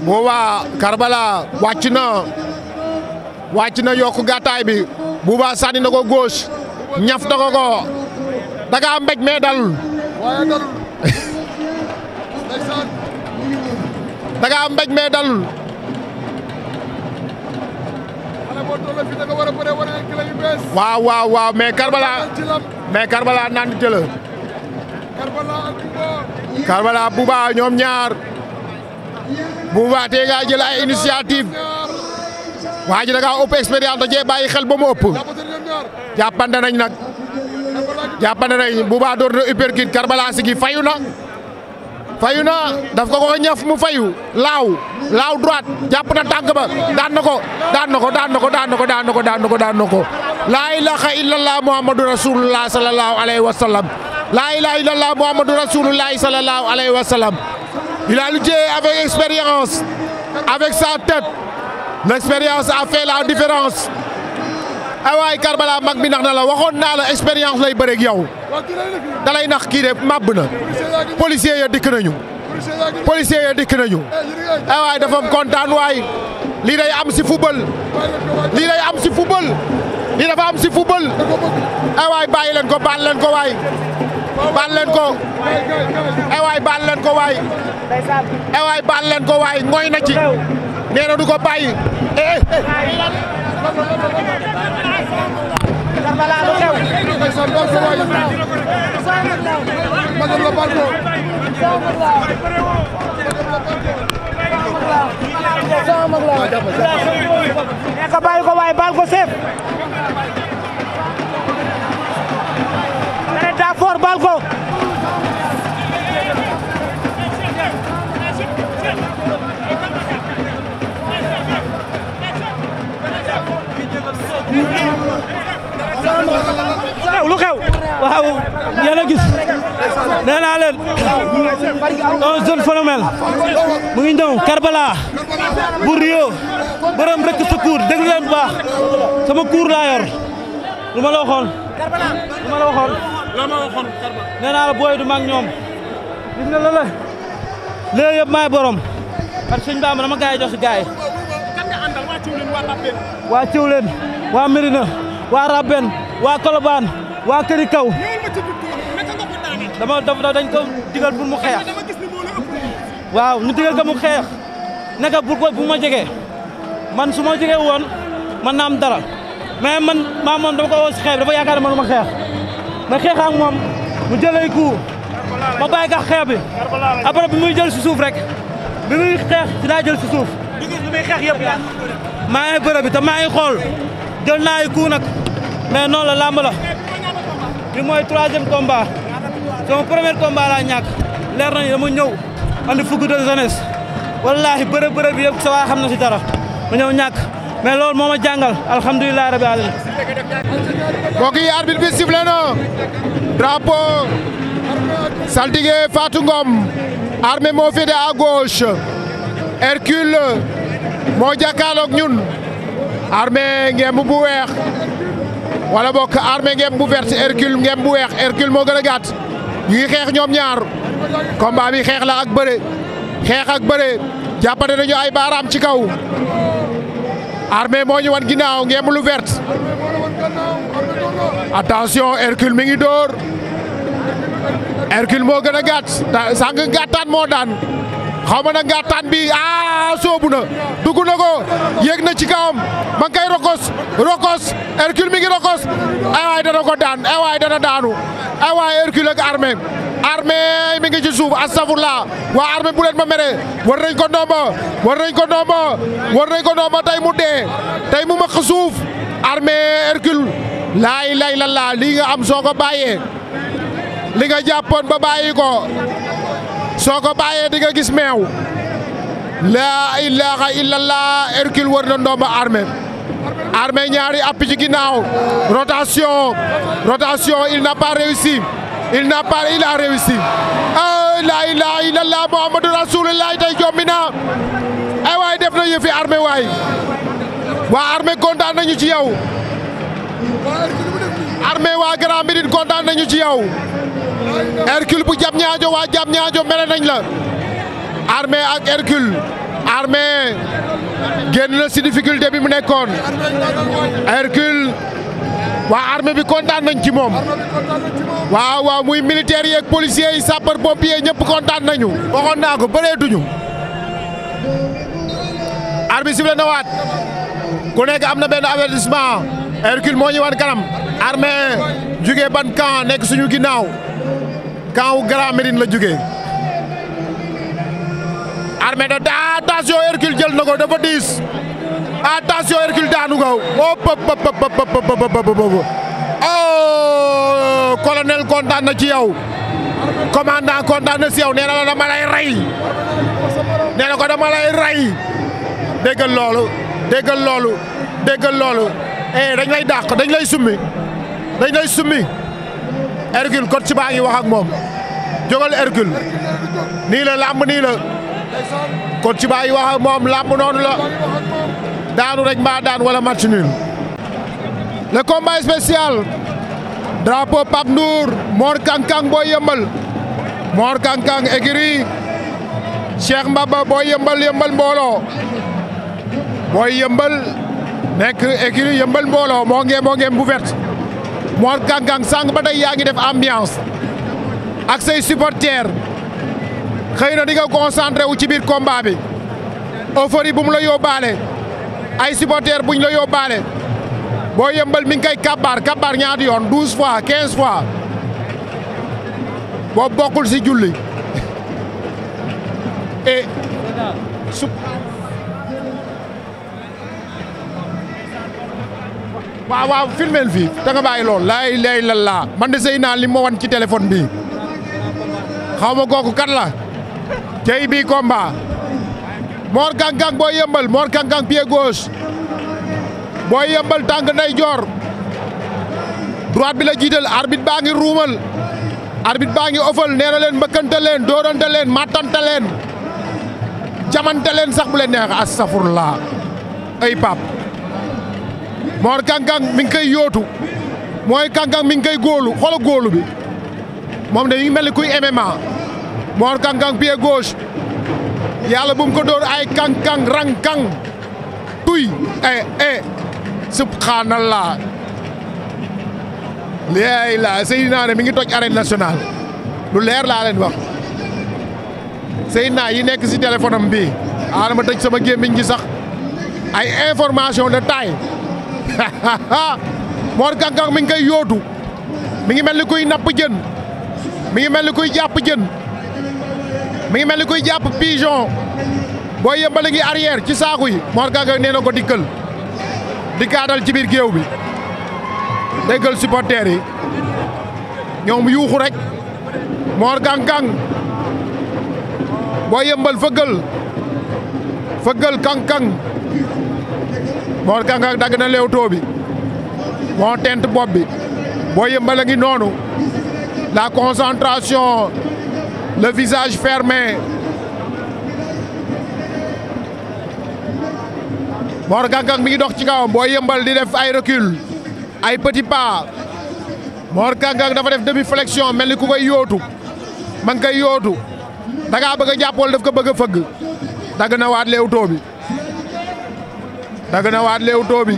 Bouba Karbala wàcc na wàcc na yokk gàttaay bi Bouba sànni na ko góos ñaf na ko ko da nga am mbéj mais dalul da nga am mbéj mais dalul boo tolloo fi da nga war a waaw waaw waaw mais Karbala mais Karbala naan te la. Karbala ñoom ñaar. Bouba tey jël ay initiative. waa ji da ngaa ëpp expérience xel ba mu ëpp. jàppante nañ nag. jàppante nañ Bouba door na uppercut fayu na. fayu na daf ko ko ñaf mu fayu laaw laaw droite jàpp na tànk ba daan na ko daan na ko daan na ko daan na ko daan na ko daan la ko daan na ko laa muhammadu rasulullah sallallahu alayhi wa sallam laa ilaha illallah muhammadu rasulullah sallallahu alayhi wa sallam il a lutté avec expérience avec sa tête a fait différence ay ah waay Karbala mag bi nax na la waxoon naa la expérience lay bëreeg yow dalay nax kii de màbb na policier ya dikk nañu policier ya dikk nañu eh, ay ah kontaan waay lii am si football lii day am si football lii am si football ay ah waay bàyyi leen ko baal leen ko waay baal leen ko ay waay leen ko waay ay waay leen ko waay du ko bàyyi Karbala lu xew magal la barko nekk bàyyi ko waaye baal ko seef dane daa ko xew lu xew waaw yéen gis nee naa leen un jeune phénomène mu ngi ñëw Karbala bu Rio borom rek sa cour déglu leen bu baax sama cour laa yor lu ma du mag ñoom gis nga maay borom parce baam dama gaay jox si waa ciw waa Mérina waa Rabben waa Colobane waa Këri Kaw dama dama dañ ko digal pour mu xeex waaw ñu digal ko mu xeex naka bu ko bu ma jegee man su ma jegee woon man naa dara mais man maa moom dama ko woo si xeex dafa yaakaar ne ma xeex ma xeex ak moom mu jëlee coup ma bàyyi ko xeex bi après bi muy jël si suuf rek bi muy xeex si daa jël si suuf maa ngi bërëb maa ngi xool jël naa ay coup nag mais la làmb bi mooy troisième combat sama premier combat laa ñàkk leer nañu dama andi fukki de wallaahi bërëb bërëb bi yëpp xam na si dara ma ñëw ñàkk mais loolu moo ma jàngal alhamdulilah rabbi alamin mbokk yi arbitre bi sifflé na drapeau saltige Fatou Ngom armée moo féete à gauche Hercule moo jàkkaarloog ñun armée ngemb bu weex walla bokk armée ngemb bu verte Hercule ngemb bu weex Hercule moo gën a gàtt ñu ngi xeex ñoom ñaar combat bi xeex la ak bëre xeex ak bëre jàppante nañu ay baaraam ci kaw armée moo ñu wan ginnaaw ngemb lu verte attention Hercule mi ngi dóor Hercule moo gën a gàtt sàng gàttaan moo daan xaw ma nag ngàttaan bi a ah, soobu na dugg na ko yéeg na ci kawam ma kay koy rokos rokos Hercule mi ngi rokos ay eh waay dana ko daan ay eh waay dana daanu ay eh waay Hercule ak armée mi ngi ci suuf astafurla waa armée bu ma mere war nañ ko ndomba war nañ ko ndomba war nañ ko ndomba tey mu dee tey mu maq suuf armée Hercule laay lay la laa lii nga am soo ko bàyyee li nga jàppoon ba bàyyi ko soo ko bàyyee di nga gis meew laa ilaha illallah Hercule wër na ndomba armée armée ñaari app ci ginnaaw rotation rotation il n'a pas réussi il n'a oh, laa ilaha illallah Muhammadu Rasulullah tey jommi naa ay waay def na yëfi armée waay waa armée kontaan nañu ci yow armée waa Grand Médine kontaan nañu ci yow Hercule bu jam ñaajo waa jam ñaajo mere nañ la Armé ak Hercule Armé génn na bi mu nekkoon Hercule waa armée bi kontaan nañ ci moom waaw waaw muy militaire yi ak policiers yi sapeur ñëpp kontaan nañu waxoon naa ko bëree duñu arbitre sifflé waat ku nekk am na benn avertissement Hercule moo ñu wan kanam jugee ban camp nekk suñu ginnaaw Kaaw Grand Médine la jógee Armé da attention Hercule jël na ko dafa diis attention Hercule daanu ngaw oh pop pop pop pop oh colonel kontaan na ci yow commandant kontaan na ci yow nee na la dama lay rey nee na ko dama lay rey déggal loolu déggal loolu déggal loolu eh dañ lay dàq dañ lay summi dañ lay summi. Hercule coach ci baa ngi wax ak moom jógal Hercule nii la làmb nii la coach ci baa ngi wax moom làmb noonu la daanu rek mbaa daan wala match nul le combat spécial drapeau Pape Kang Kang boo yëmbal Mor Kang Kang écurie Cheikh Mbaba boo yëmbal yëmbal mbooloo booy yëmbal nekk écurie yëmbal mbooloo moo ngee moo ngee Mor Kang Kang sànq ba tey yaa ngi def ambiance ak say supporters xëy na di nga concentré wu ci biir combat bi euphorie bu mu la yóbbaale ay supporters buñ la yóbbaale boo yëmbal mi ngi koy kabbaar kabbaar ñaati yoon douze fois quinze fois boo bokkul si julli et eh, waaw waaw fi fii da nga bàyyi lool lay la laa man de sëy naa li ma wan ci téléphone bi xaw ma kooku kat la tey bii combat Mor Kang Kang booy yëmbal Mor Kang Kang pied gauche booy yëmbal tànk nday joor droite bi la jiital arbitre baa ngi ruumal arbitre baa ngi ofal nee na leen mbëkkante leen dóorante leen màttante sax bu leen neex astafurlaa ay pap Mor Kang Kang mi ngi koy yóotu mooy Kang Kang mi ngi koy góolu xolo góolu bi moom dañuy mel ni kuy MMA Mor Kang Kang pied gauche yàlla bu mu ko dóor ay Kang Kang rang Kang tuy eh eh subhanallah léegi la Seydina ne mi ngi toj arène nationale lu leer laa leen wax Seydina yi nekk si téléphone am bii aadama tëj sama gémmiñ gi sax ay information de taille Mor Kang mi ngi koy yóotu mi ngi mel ni kuy napp jën mi ngi mel ni kuy jàpp jën mi ngi mel ni kuy jàpp pigeon boo yëmbale ngi arrière ci saaku yi Mor Kang Kang nee na ko dikkal dikkaatal ci biir géew bi déggal supporters yi ñoom yuuxu rek Mor Kang Kang boo yëmbal fëggal fëggal Kang Kang Mor Kang Kang dagg na leewtoo bi moo tent bopp bi boo yëmbal noonu la concentration le visage fermé Mor Kang Kang mi ngi dox ci kawam boo yëmbal di def ay recul ay petit pas Mor Kang dafa def demi flexion mel ni ku koy yootu ma ngi koy yootu da bëgg a jàpp daf ko bëgg a fëgg dagg na waat leewtoo bi dagg na waat Leewtoo bi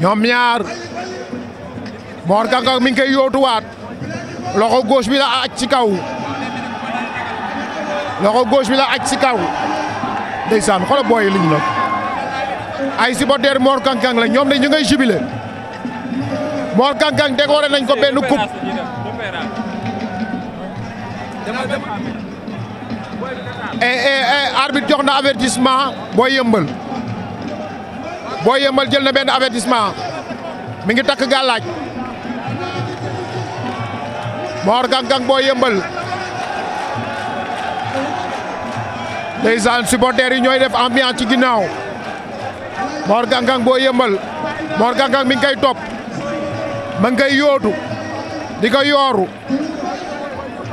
ñoom ñaar Mor Kang Kang mi ngi koy yóotuwaat loxo gauche bi la aj ci kaw loxo gauche bi la aj ci kaw ndeysaan xoolal booy liñ la ay supporters Mor Kang Kang la ñoom de ñu ngay jubilé Mor Kang Kang décoré nañ ko benn coupe et eh, eh, eh, arbitre jox na avertissement boo yëmbal boo yëmbal jël na benn avertissement mi ngi takk gàllaaj Mor Gang Gang booy yëmbal ndeysaan supporters yi ñooy def ambiance ci ginnaaw Mor Gang Gang booy yëmbal Mor Gang Gang mi ngi koy topp ma ngi koy yóotu di ko yooru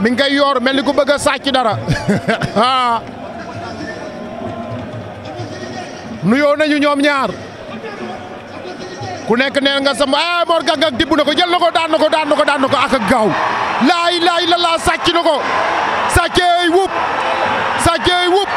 mi ngi koy yoor mel ni ku bëgg a sàcc dara ah nuyoo nañu ñoom ñaar ku nekk nee nga sama ah eh, Mor Gàgg ak na ko jël na ko daan na ko daan na ko daan na ko ak gaaw laay laay la laa sàcc na ko sàcceey wup sàcceey wup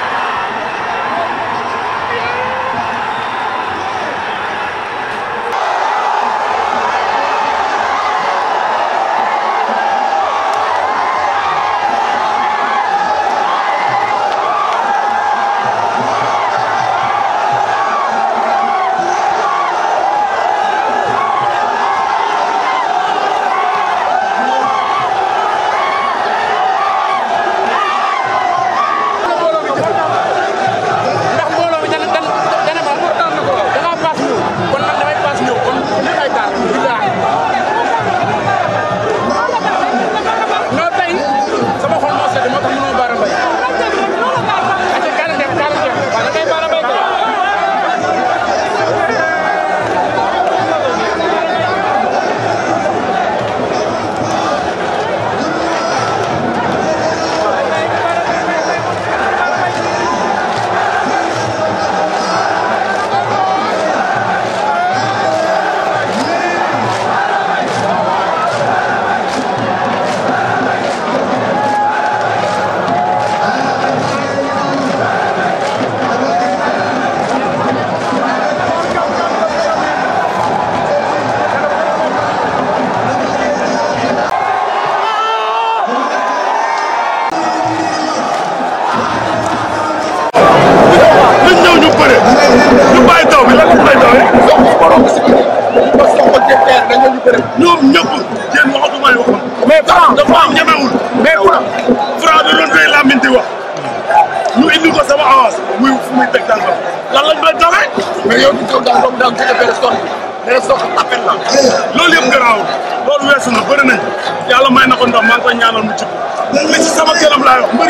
laa wax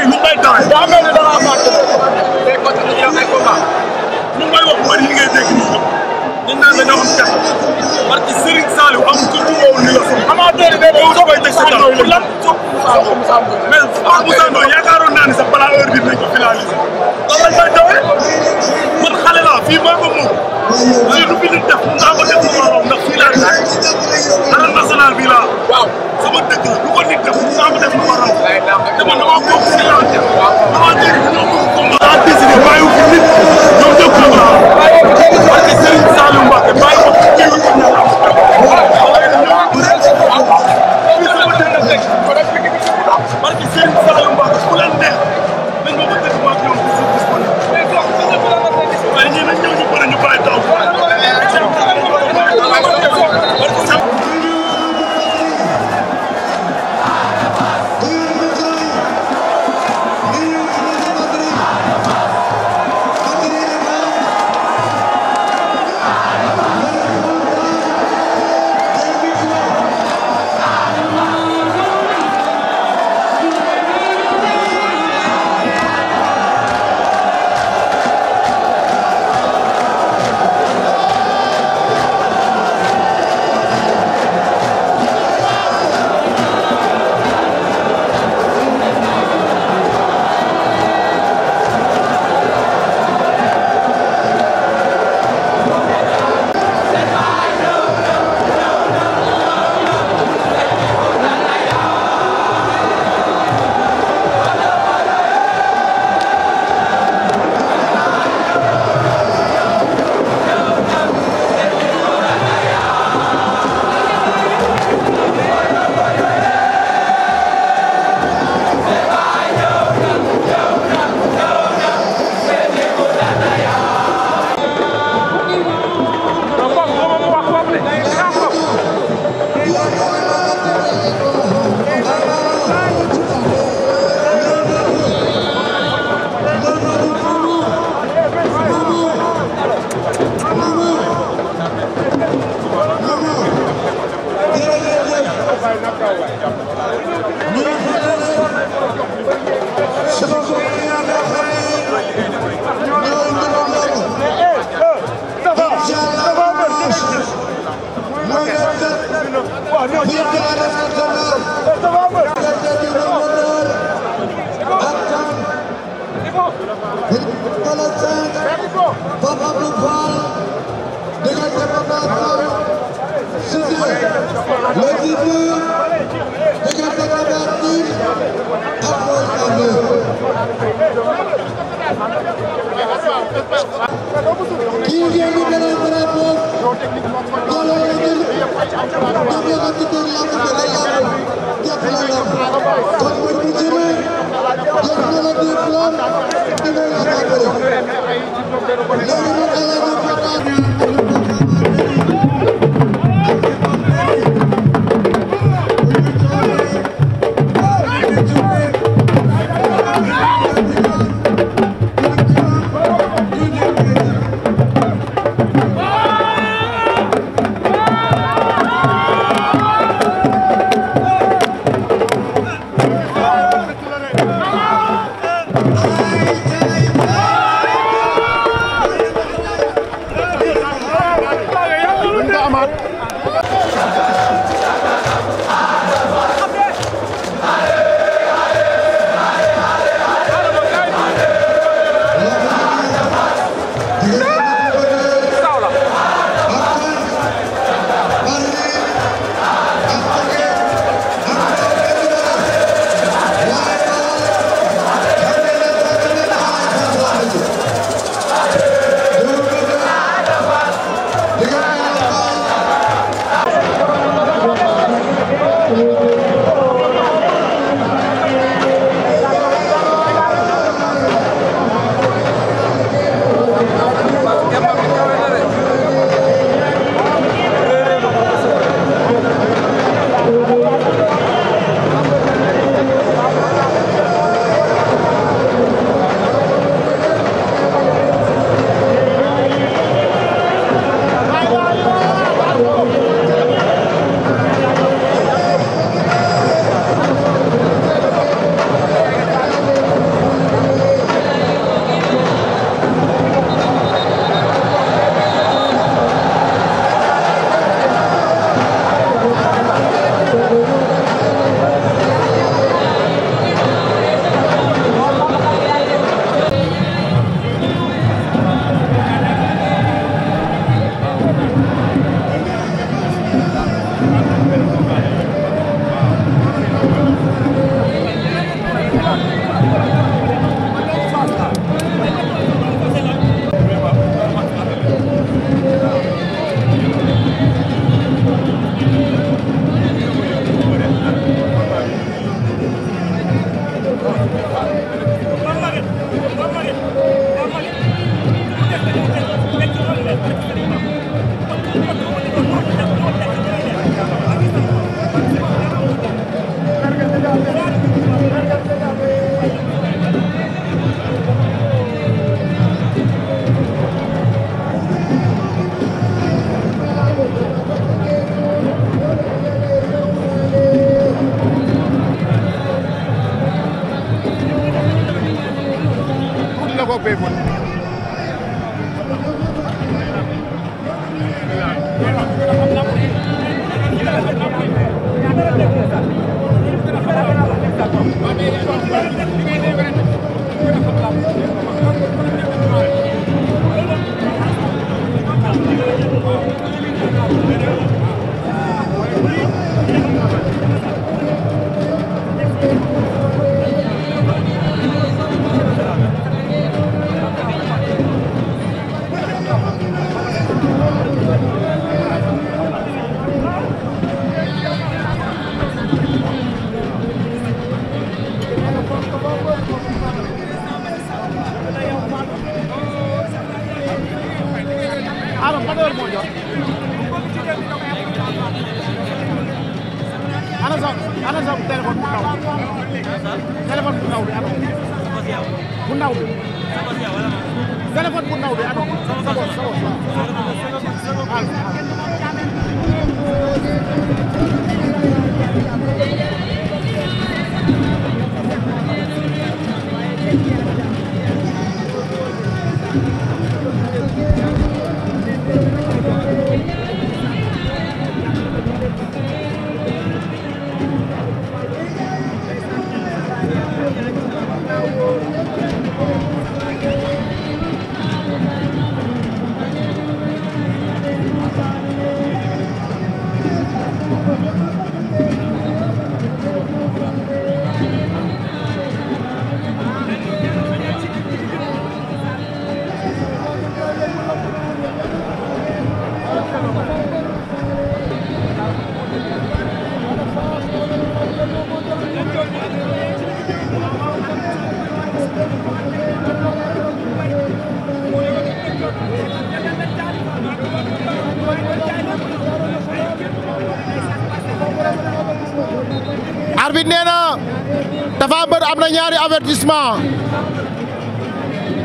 Tapha Mbeur am na ñaari avertissement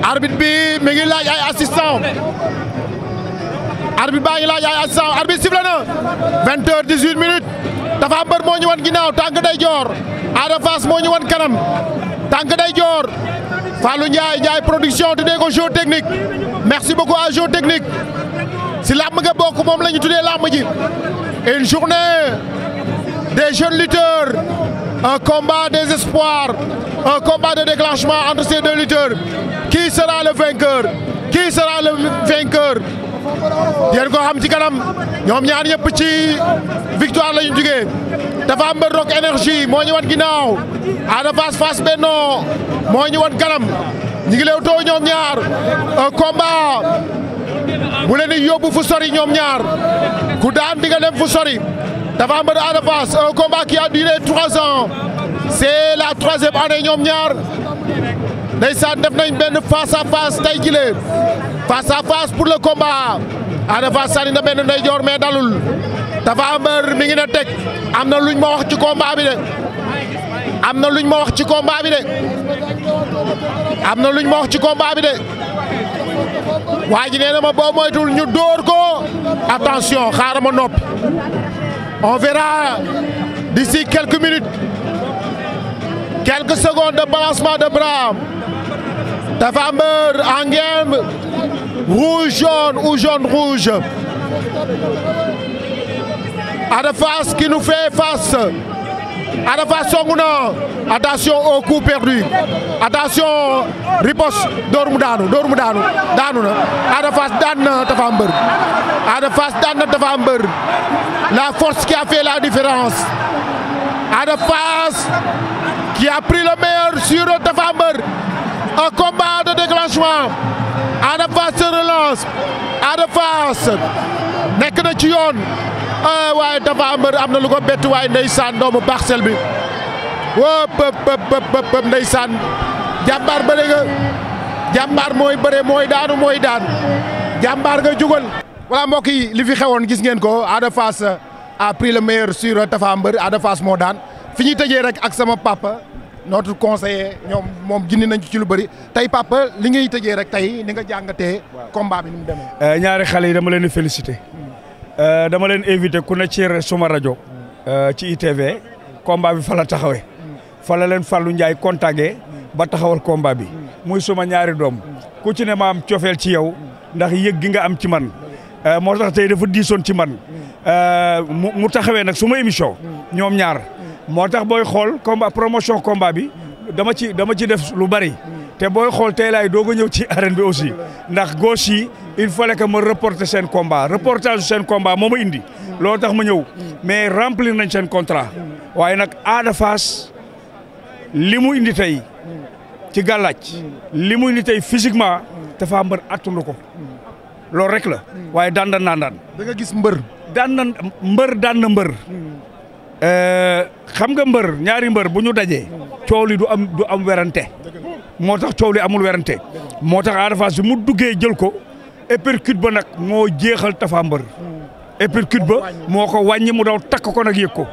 arbitre bi mi ngi laaj ay assistant arbitre baa ngi laaj ay assistant arbitre sifflé na vingt heures dix-huit moo ñu wan ginnaaw tànk day joor Ada Fass moo ñu wan kanam tànk day joor Fallou Ndiaye Ndiaye production tuddee ko show technique merci beaucoup à show technique si làmb nga bokk moom lañu ñu tuddee làmb ji une journée des jeunes lutteurs un combat des espoirs, un combat de déclenchement entre ces deux lutteurs. Qui sera le vainqueur Qui sera le vainqueur yéen ko xam ci kanam ñoom ñaar ñëpp ci victoire la ñu dafa am benn rock énergie moo ñu wan ginnaaw Ada Fass Fass Benno moo ñu wan kanam ñi ngi leew too ñoom ñaar un combat bu leen yóbbu fu sori ñoom ñaar ku daan di fu sori. dafa Mbeur Ada Fass un combat qui a duré trois ans la troisième année ñoom ñaar ndeysaan def nañ benn face à face tey jile face à face pour le combat Ada Fass sànni na benn ndeyjoor mais dalul dafa Mbeur mi ngi na teg am na luñ ma wax ci combat bi de am na luñ ma wax ci combat de am na luñ ma ci combat ji nee na ma boo moytul ñu dóor ko attention xaaral ma nopp On verra d'ici quelques minutes, quelques secondes de balancement de bras. Tapha Mbeur en game rouge-jaune ou jaune-rouge. Ada Fass qui nous fait face. Ada Fass songu na attention au coup perdu attention riposte door mu daanu door mu daanu daanu na Ada Fass daan na Tapha Mbeur Ada la force qui a fait la différence. Ada Fass qui a pris le meilleur sur Tapha Mbeur. Un combat de déclenchement. Ada Fass se relance. Ada Fass nekk na ci yoon eh, waaye Tapha am na lu ko bett waaye ndeysaan doomu parcelle bi woo pëp pëp pëp ndeysaan jàmbaar bëre nga mooy bëre mooy daanu mooy daan jàmbaar nga jugal voilà mbokk yi li fi xewoon gis ngeen ko Ada Fass a pris le meilleur sur Tapha Mbeur moo daan fi ñuy tëjee rek ak sama papa notre conseiller ñoom moom gindi nañ ci lu bëri tey papa li ngay tëjee rek tey ni nga jàngatee. combat bi ni mu demee. Euh, ñaari xale yi dama leen di félicité hmm. euh, dama leen invité ku ne ci suma rajo euh, ci ITV combat bi fa la taxawee hmm. fa la leen Fallou Ndiaye contacté hmm. ba taxawal combat bi muy suma ñaari doom ku ci ne ma cofeel ci yow ndax yëg gi nga am ci man. Euh, moo tax tey dafa diisoon ci man euh, mu mu taxawee nag suma émission ñoom ñaar moo tax booy xool combat promotion combat bi dama ci dama ci def lu bari te booy xool tey laay doog a ñëw ci arène bi aussi ndax gauche yi il fallait que ma reporter seen combat reportage seen combat moo ma indi loo tax ma ñëw mais remplir nañ seen contrat waaye nag Ada Fass li mu indi tey ci gàllaaj li mu indi tey physiquement dafa mbër attunu ko loolu rek la. waaye daan na naan daan. gis mbër. daan mbër daan na mbër. Hmm. Euh, xam nga mbër ñaari mbër bu ñu dajee. coow li du am am werante. moo tax coow li amul werante. moo tax Ada Fass bi mu duggee jël ko. épercute ba nag moo jeexal Tapha mbër uppercut ba moo ko wàññi mu daw takk ko nag yëg ko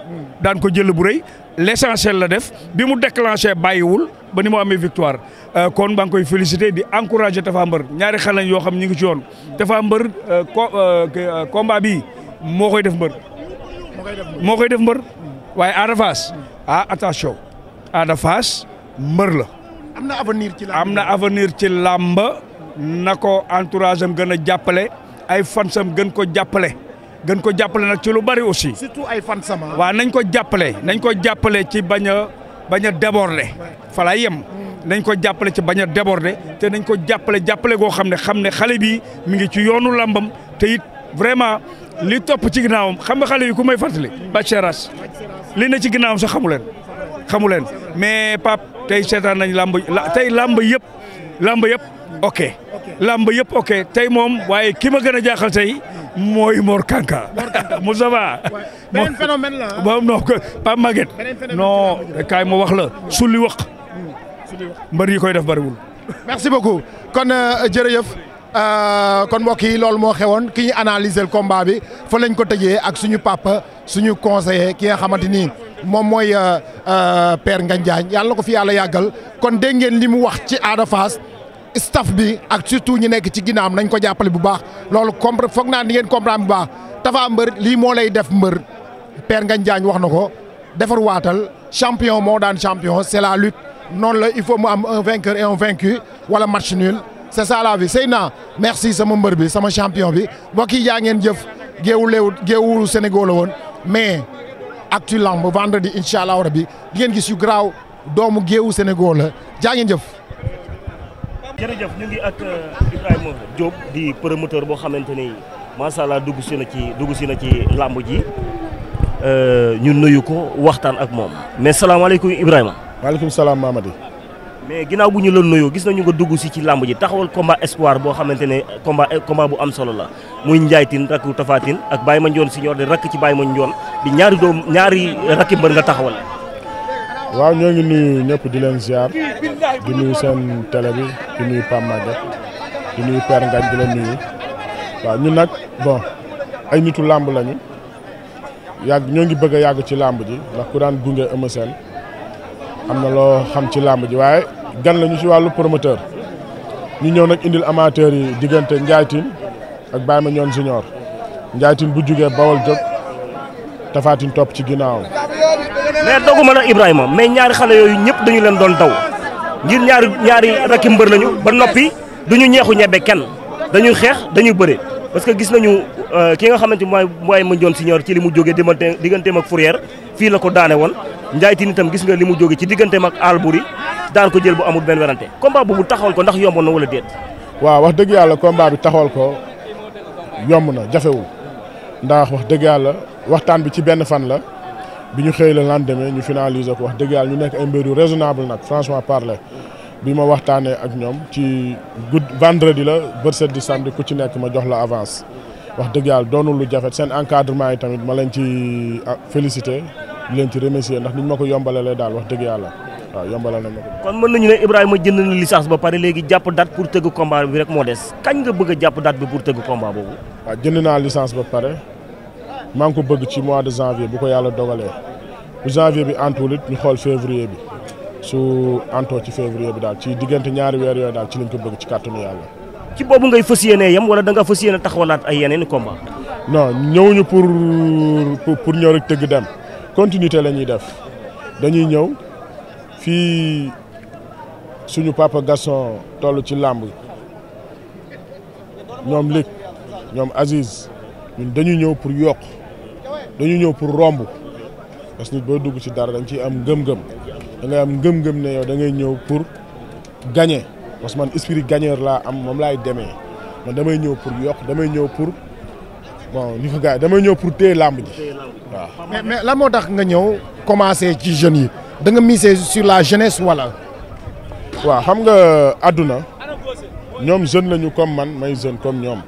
daan ko jël bu rëy l'essentiel la def bi mu déclenché bàyyiwul ba ni mu amee victoire euh, kon maa ngi koy félicité di encouragé Tapha Mbeur ñaari xale yoo xam ñu ngi ci yoon Tapha Mbeur euh, euh, combat bi moo koy def mbër. moo koy def mbër waaye Ada Fass ah attention mbër la. am na avenir ci làmb am na avenir ci làmb na ko entourage am gën a jàppale ay fansam gën ko jàppale. gën ko jàppale nag ci lu bari aussi. surtout ay fan sama. waaw nañ ko jàppale nañ ko jàppale ci bañ a bañ a déborder fa laay yem. nañ ko jàppale ci bañ a déborder te nañ ko jàppale jàppale goo xam ne xam ne xale bi mi ngi ci yoonu làmbam te it vraiment li topp ci ginnaawam xam nga xale yi ku may fàttali. Bacheras li na ci ginnaawam sax xamu leen xamu leen mais Pape tey seetaan nañ làmb tey làmb yëpp làmb yëpp ok. làmb yëpp ok tey moom waaye ki ma gën a jaaxal tey. mooy Mor Kanka. Mor Kanka moo Ba. beneen phénomène la ah non Pape ma wax la sulli wax. Hmm, mbër yi koy def bariwul. merci beaucoup kon euh, jërëjëf euh, kon mbokk yi loolu moo xewoon ki ñu analyser le combat bi fa lañ ko tëjee ak suñu papa suñu conseiller ki nga xamante ni moom mooy euh, Père Ngagne Diagne yàlla ko fi yàlla yàggal kon dégg li mu wax ci Ada Fass. staff bi ak surtout ñu nekk ci ginnaam nañ ko jàppale bu baax loolu compre foog naa ni ngeen comprendre bu baax Tapha Mbeur lii moo lay def mbër Père nga Diagne wax na ko defar waatal champion moo daan champion c'est la lutte noonu la il faut mu am un vainqueur et un vaincu wala match nul c'est ça la vie Seyna merci sama mbër bi sama champion bi mbokk jaa yaa ngeen jëf géewu léew géewu Sénégal woon mais actu lamb vendredi incha allah rabi bi ngeen gis yu garaaw doomu géewu Sénégal jaa ngeen jëf. jërëjëf ñu ngi ak euh, Ibrahima Diop di promoteur boo xamante ni macha allah dugg si na ci dugg si na ci làmb ji euh, ñu nuyu ko waxtaan ak moom mais salaamaaleykum Ibrahima. waaleykum salaam Mamady. mais ginnaaw bu ñu la nuyoo gis nañu nga dugg si ci làmb ji taxawal combat espoir boo xamante ne combat eh, combat bu am solo la muy Ndiaye Tine rakku ak Tine ak Baye si Senior di rakk ci Baye Mandione bi ñaari doom ñaari rakki mbër nga taxawal. waaw ñoo ngi nuyu ñëpp di leen ziar di nuyu seen télé bi di nuyu Pape Maguette di nuyu Père Ngagne di nuyu waaw ñu nag bon ay nitu làmb lañu yàgg ñoo ngi bëgg yàgg ci làmb ji ndax ku daan gunge Eumeu Sène am na loo xam ci làmb ji waaye gan lañu ci wàllu promoteur ñu ñëw nag indil amateur yi diggante Ndiaye Tine ak Baye Mandione Junior Ndiaye Tine bu jugee Bawol jóg Tapha Tine topp ci ginnaaw mais doguma la Ibrahima mais ñaari xale yooyu ñëpp dañu leen doon daw ngir ñaari ñaari rakki mbër lañu ba noppi du ñu ñeexu ñebe kenn dañuy xeex dañuy bëre parce que gis nañu euh, ki nga xamante mooy mooy Mandione Senior ci li mu jógee dimante digganteem ak Fourier fii la ko daane woon Ndiaye Tine itam gis nga li mu jóge ci digganteem ak Albouri daan ko jël bu amul benn werante combat boobu taxawal ko ndax yomb na wala déet. waaw wax dëgg yàlla combat bi taxawal ko yomb na jafewul ndax wax dëgg yàlla waxtaan bi ci benn fan la. bi ñu xëy la lendemain ñu finaliser ko wax dëgg yàlla ñu nekk ay mbir yu raisonnable nag franchement parler bi ma waxtaanee ak ñoom ci gudd vendredi la bërset di samedi ku ci nekk ma jox la avance wax dëgg yàlla doonul lu jafet seen encadrement yi tamit ma leen ci ah, félicité di leen ci remercier ndax ni ñu ma ko yombalalee daal wax dëgg yàlla waaw yombalal na ma kon mën nañu ne Ibrahima jënd na licence ba pare léegi jàpp date pour tëgg combat bi rek moo des kañ bëgg jàpp date bi pour tëgg boobu. waaw ah, jënd naa licence ba pare. maa ngi ko bëgg ci mois de janvier bu ko yàlla dogalee bu janvier bi antuwul it ñu xool février bi su antoo ci février bi daal ci diggante ñaari weer yooyu daal ci lañ ko bëgg ci kàttanu yàlla. ci boobu ngay fas yéenee yam wala da nga fas yéene taxawalaat ay yeneen i combat. non ñëwuñu pour pour ñëw rek tëgg dem continuité la ñuy def dañuy ñëw fii suñu papa Gaston toll ci làmb ñoom Ligue ñoom Aziz ñun dañuy ñëw pour yokk. dañu ñëw pour romb parce que nit boo dugg ci dara dañ ciy am ngëm-ngëm da ngay am ngëm-ngëm ne yow da ngay ñëw pour gagner parce que man esprit gagneur laa am moom laay demee man damay ñëw pour yokk damay ñëw pour bon ni ko gars damay ñëw pour téye làmb ji waaw. mais mais lan moo tax nga ñëw commencer ci jeunes yi da nga miser sur la jeunesse wala. waaw xam nga àdduna ñoom jeune lañu comme man may jeune comme ñoom.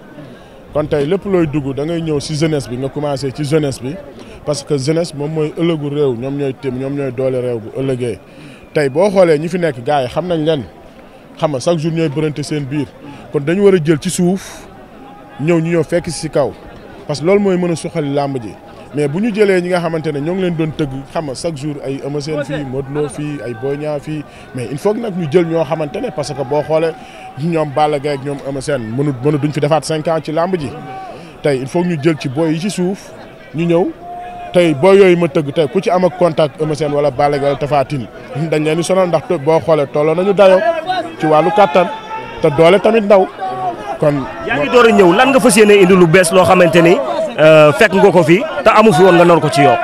kon tey lépp looy dugg da ngay ñëw si jeunesse bi nga commencé ci jeunesse bi parce que jeunesse moom mooy ëllëgu réew ñoom ñooy tim ñoom ñooy doole réew bu ëllëgee tey boo xoolee ñi fi nekk gars yi xam nañ leen xam nga chaque jour ñooy bërante seen biir kon dañu war a jël ci suuf ñëw ñu ñëw fekk si kaw parce que loolu mooy mën a suxali làmb ji mais bu ñu jëlee ñi nga xamante ne ñoo ngi leen doon tëgg xam nga chaque jour ay Eumeu Sène fii Modou Lo ah. fii ay Boy Niang fii mais il faut nag ñu jël ñoo xamante ne parce que boo xoolee ñoom Balla Gaye ak ñoom Eumeu Sène mënu mënu duñ fi defaat cinq ans ci làmb ji tey il faut ñu jël ci booy yi ci suuf ñu ñëw tey boo yooyu ma tëgg tey ku ci am ak contact Eumeu Sène wala Balla Gaye wala Tapha Tine dañ leen di sonal ndax boo xoolee tolloo nañu dayoo ci wàllu kattan te doole tamit ndaw kon. yaa ngi door ñëw lan nga fas yéene indi lu bees loo xamante ni Euh, fekk nga ko fi te amu fi woon nga nar ko ci yokk.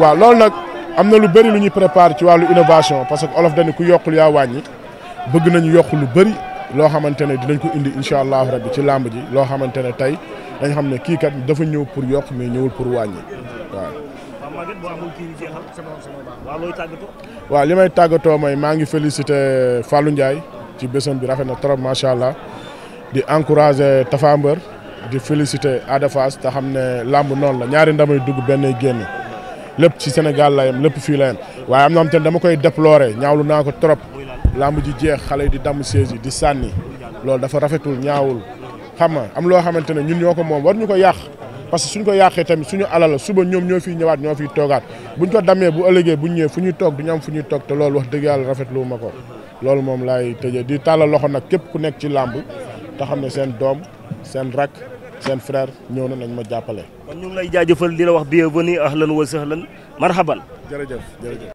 waaw loolu nag am na lu bëri lu ñuy préparé ci wàllu innovation parce que olof dañu ku yokkul yaa wàññi bëgg nañu yokk lu bëri loo xamante ne dinañ ko indi incha allahu rabbi ci làmb ji loo xamante ne tey dañ xam ne kii kat dafa ñëw pour yokk mais ñëwul pour wàññi waaw. waaw li may tàggatoo mooy maa ngi félicité Fallou Ndiaye ci bésam bi rafet na trop macha allah di encouragé Tafa Mbeur di féliciter Ada Fass te xam ne làmb noonu la ñaari ndamay dugg benn génn lépp ci Sénégal la yem lépp fii la yem am na am te dama koy déplorer ñaawlu naa ko trop làmb ji jeex xale yi di damm sees yi di sànni loolu dafa rafetul ñaawul xam nga am loo xamante ne ñun ñoo ko moom war ñu ko yàq parce que suñ ko yàqee tamit suñu alal la suba ñoom ñoo fiy ñëwaat ñoo fiy toogaat bu buñ ko damee bu ëllëgee bu ñëwee fu ñuy toog duñu am fu ñuy toog te loolu wax dëgg yàlla rafetlu ma ko loolu moom laay tëjee di tàllal loxo nag képp ku nekk ci làmb te xam ne seen doom seen rakk seen frère ñëw na nañ ma jàppale. kon ñu ngi lay jaajëfal di la wax bienvenue ahlan wa sahlan marhaban. jërëjëf jërëjëf.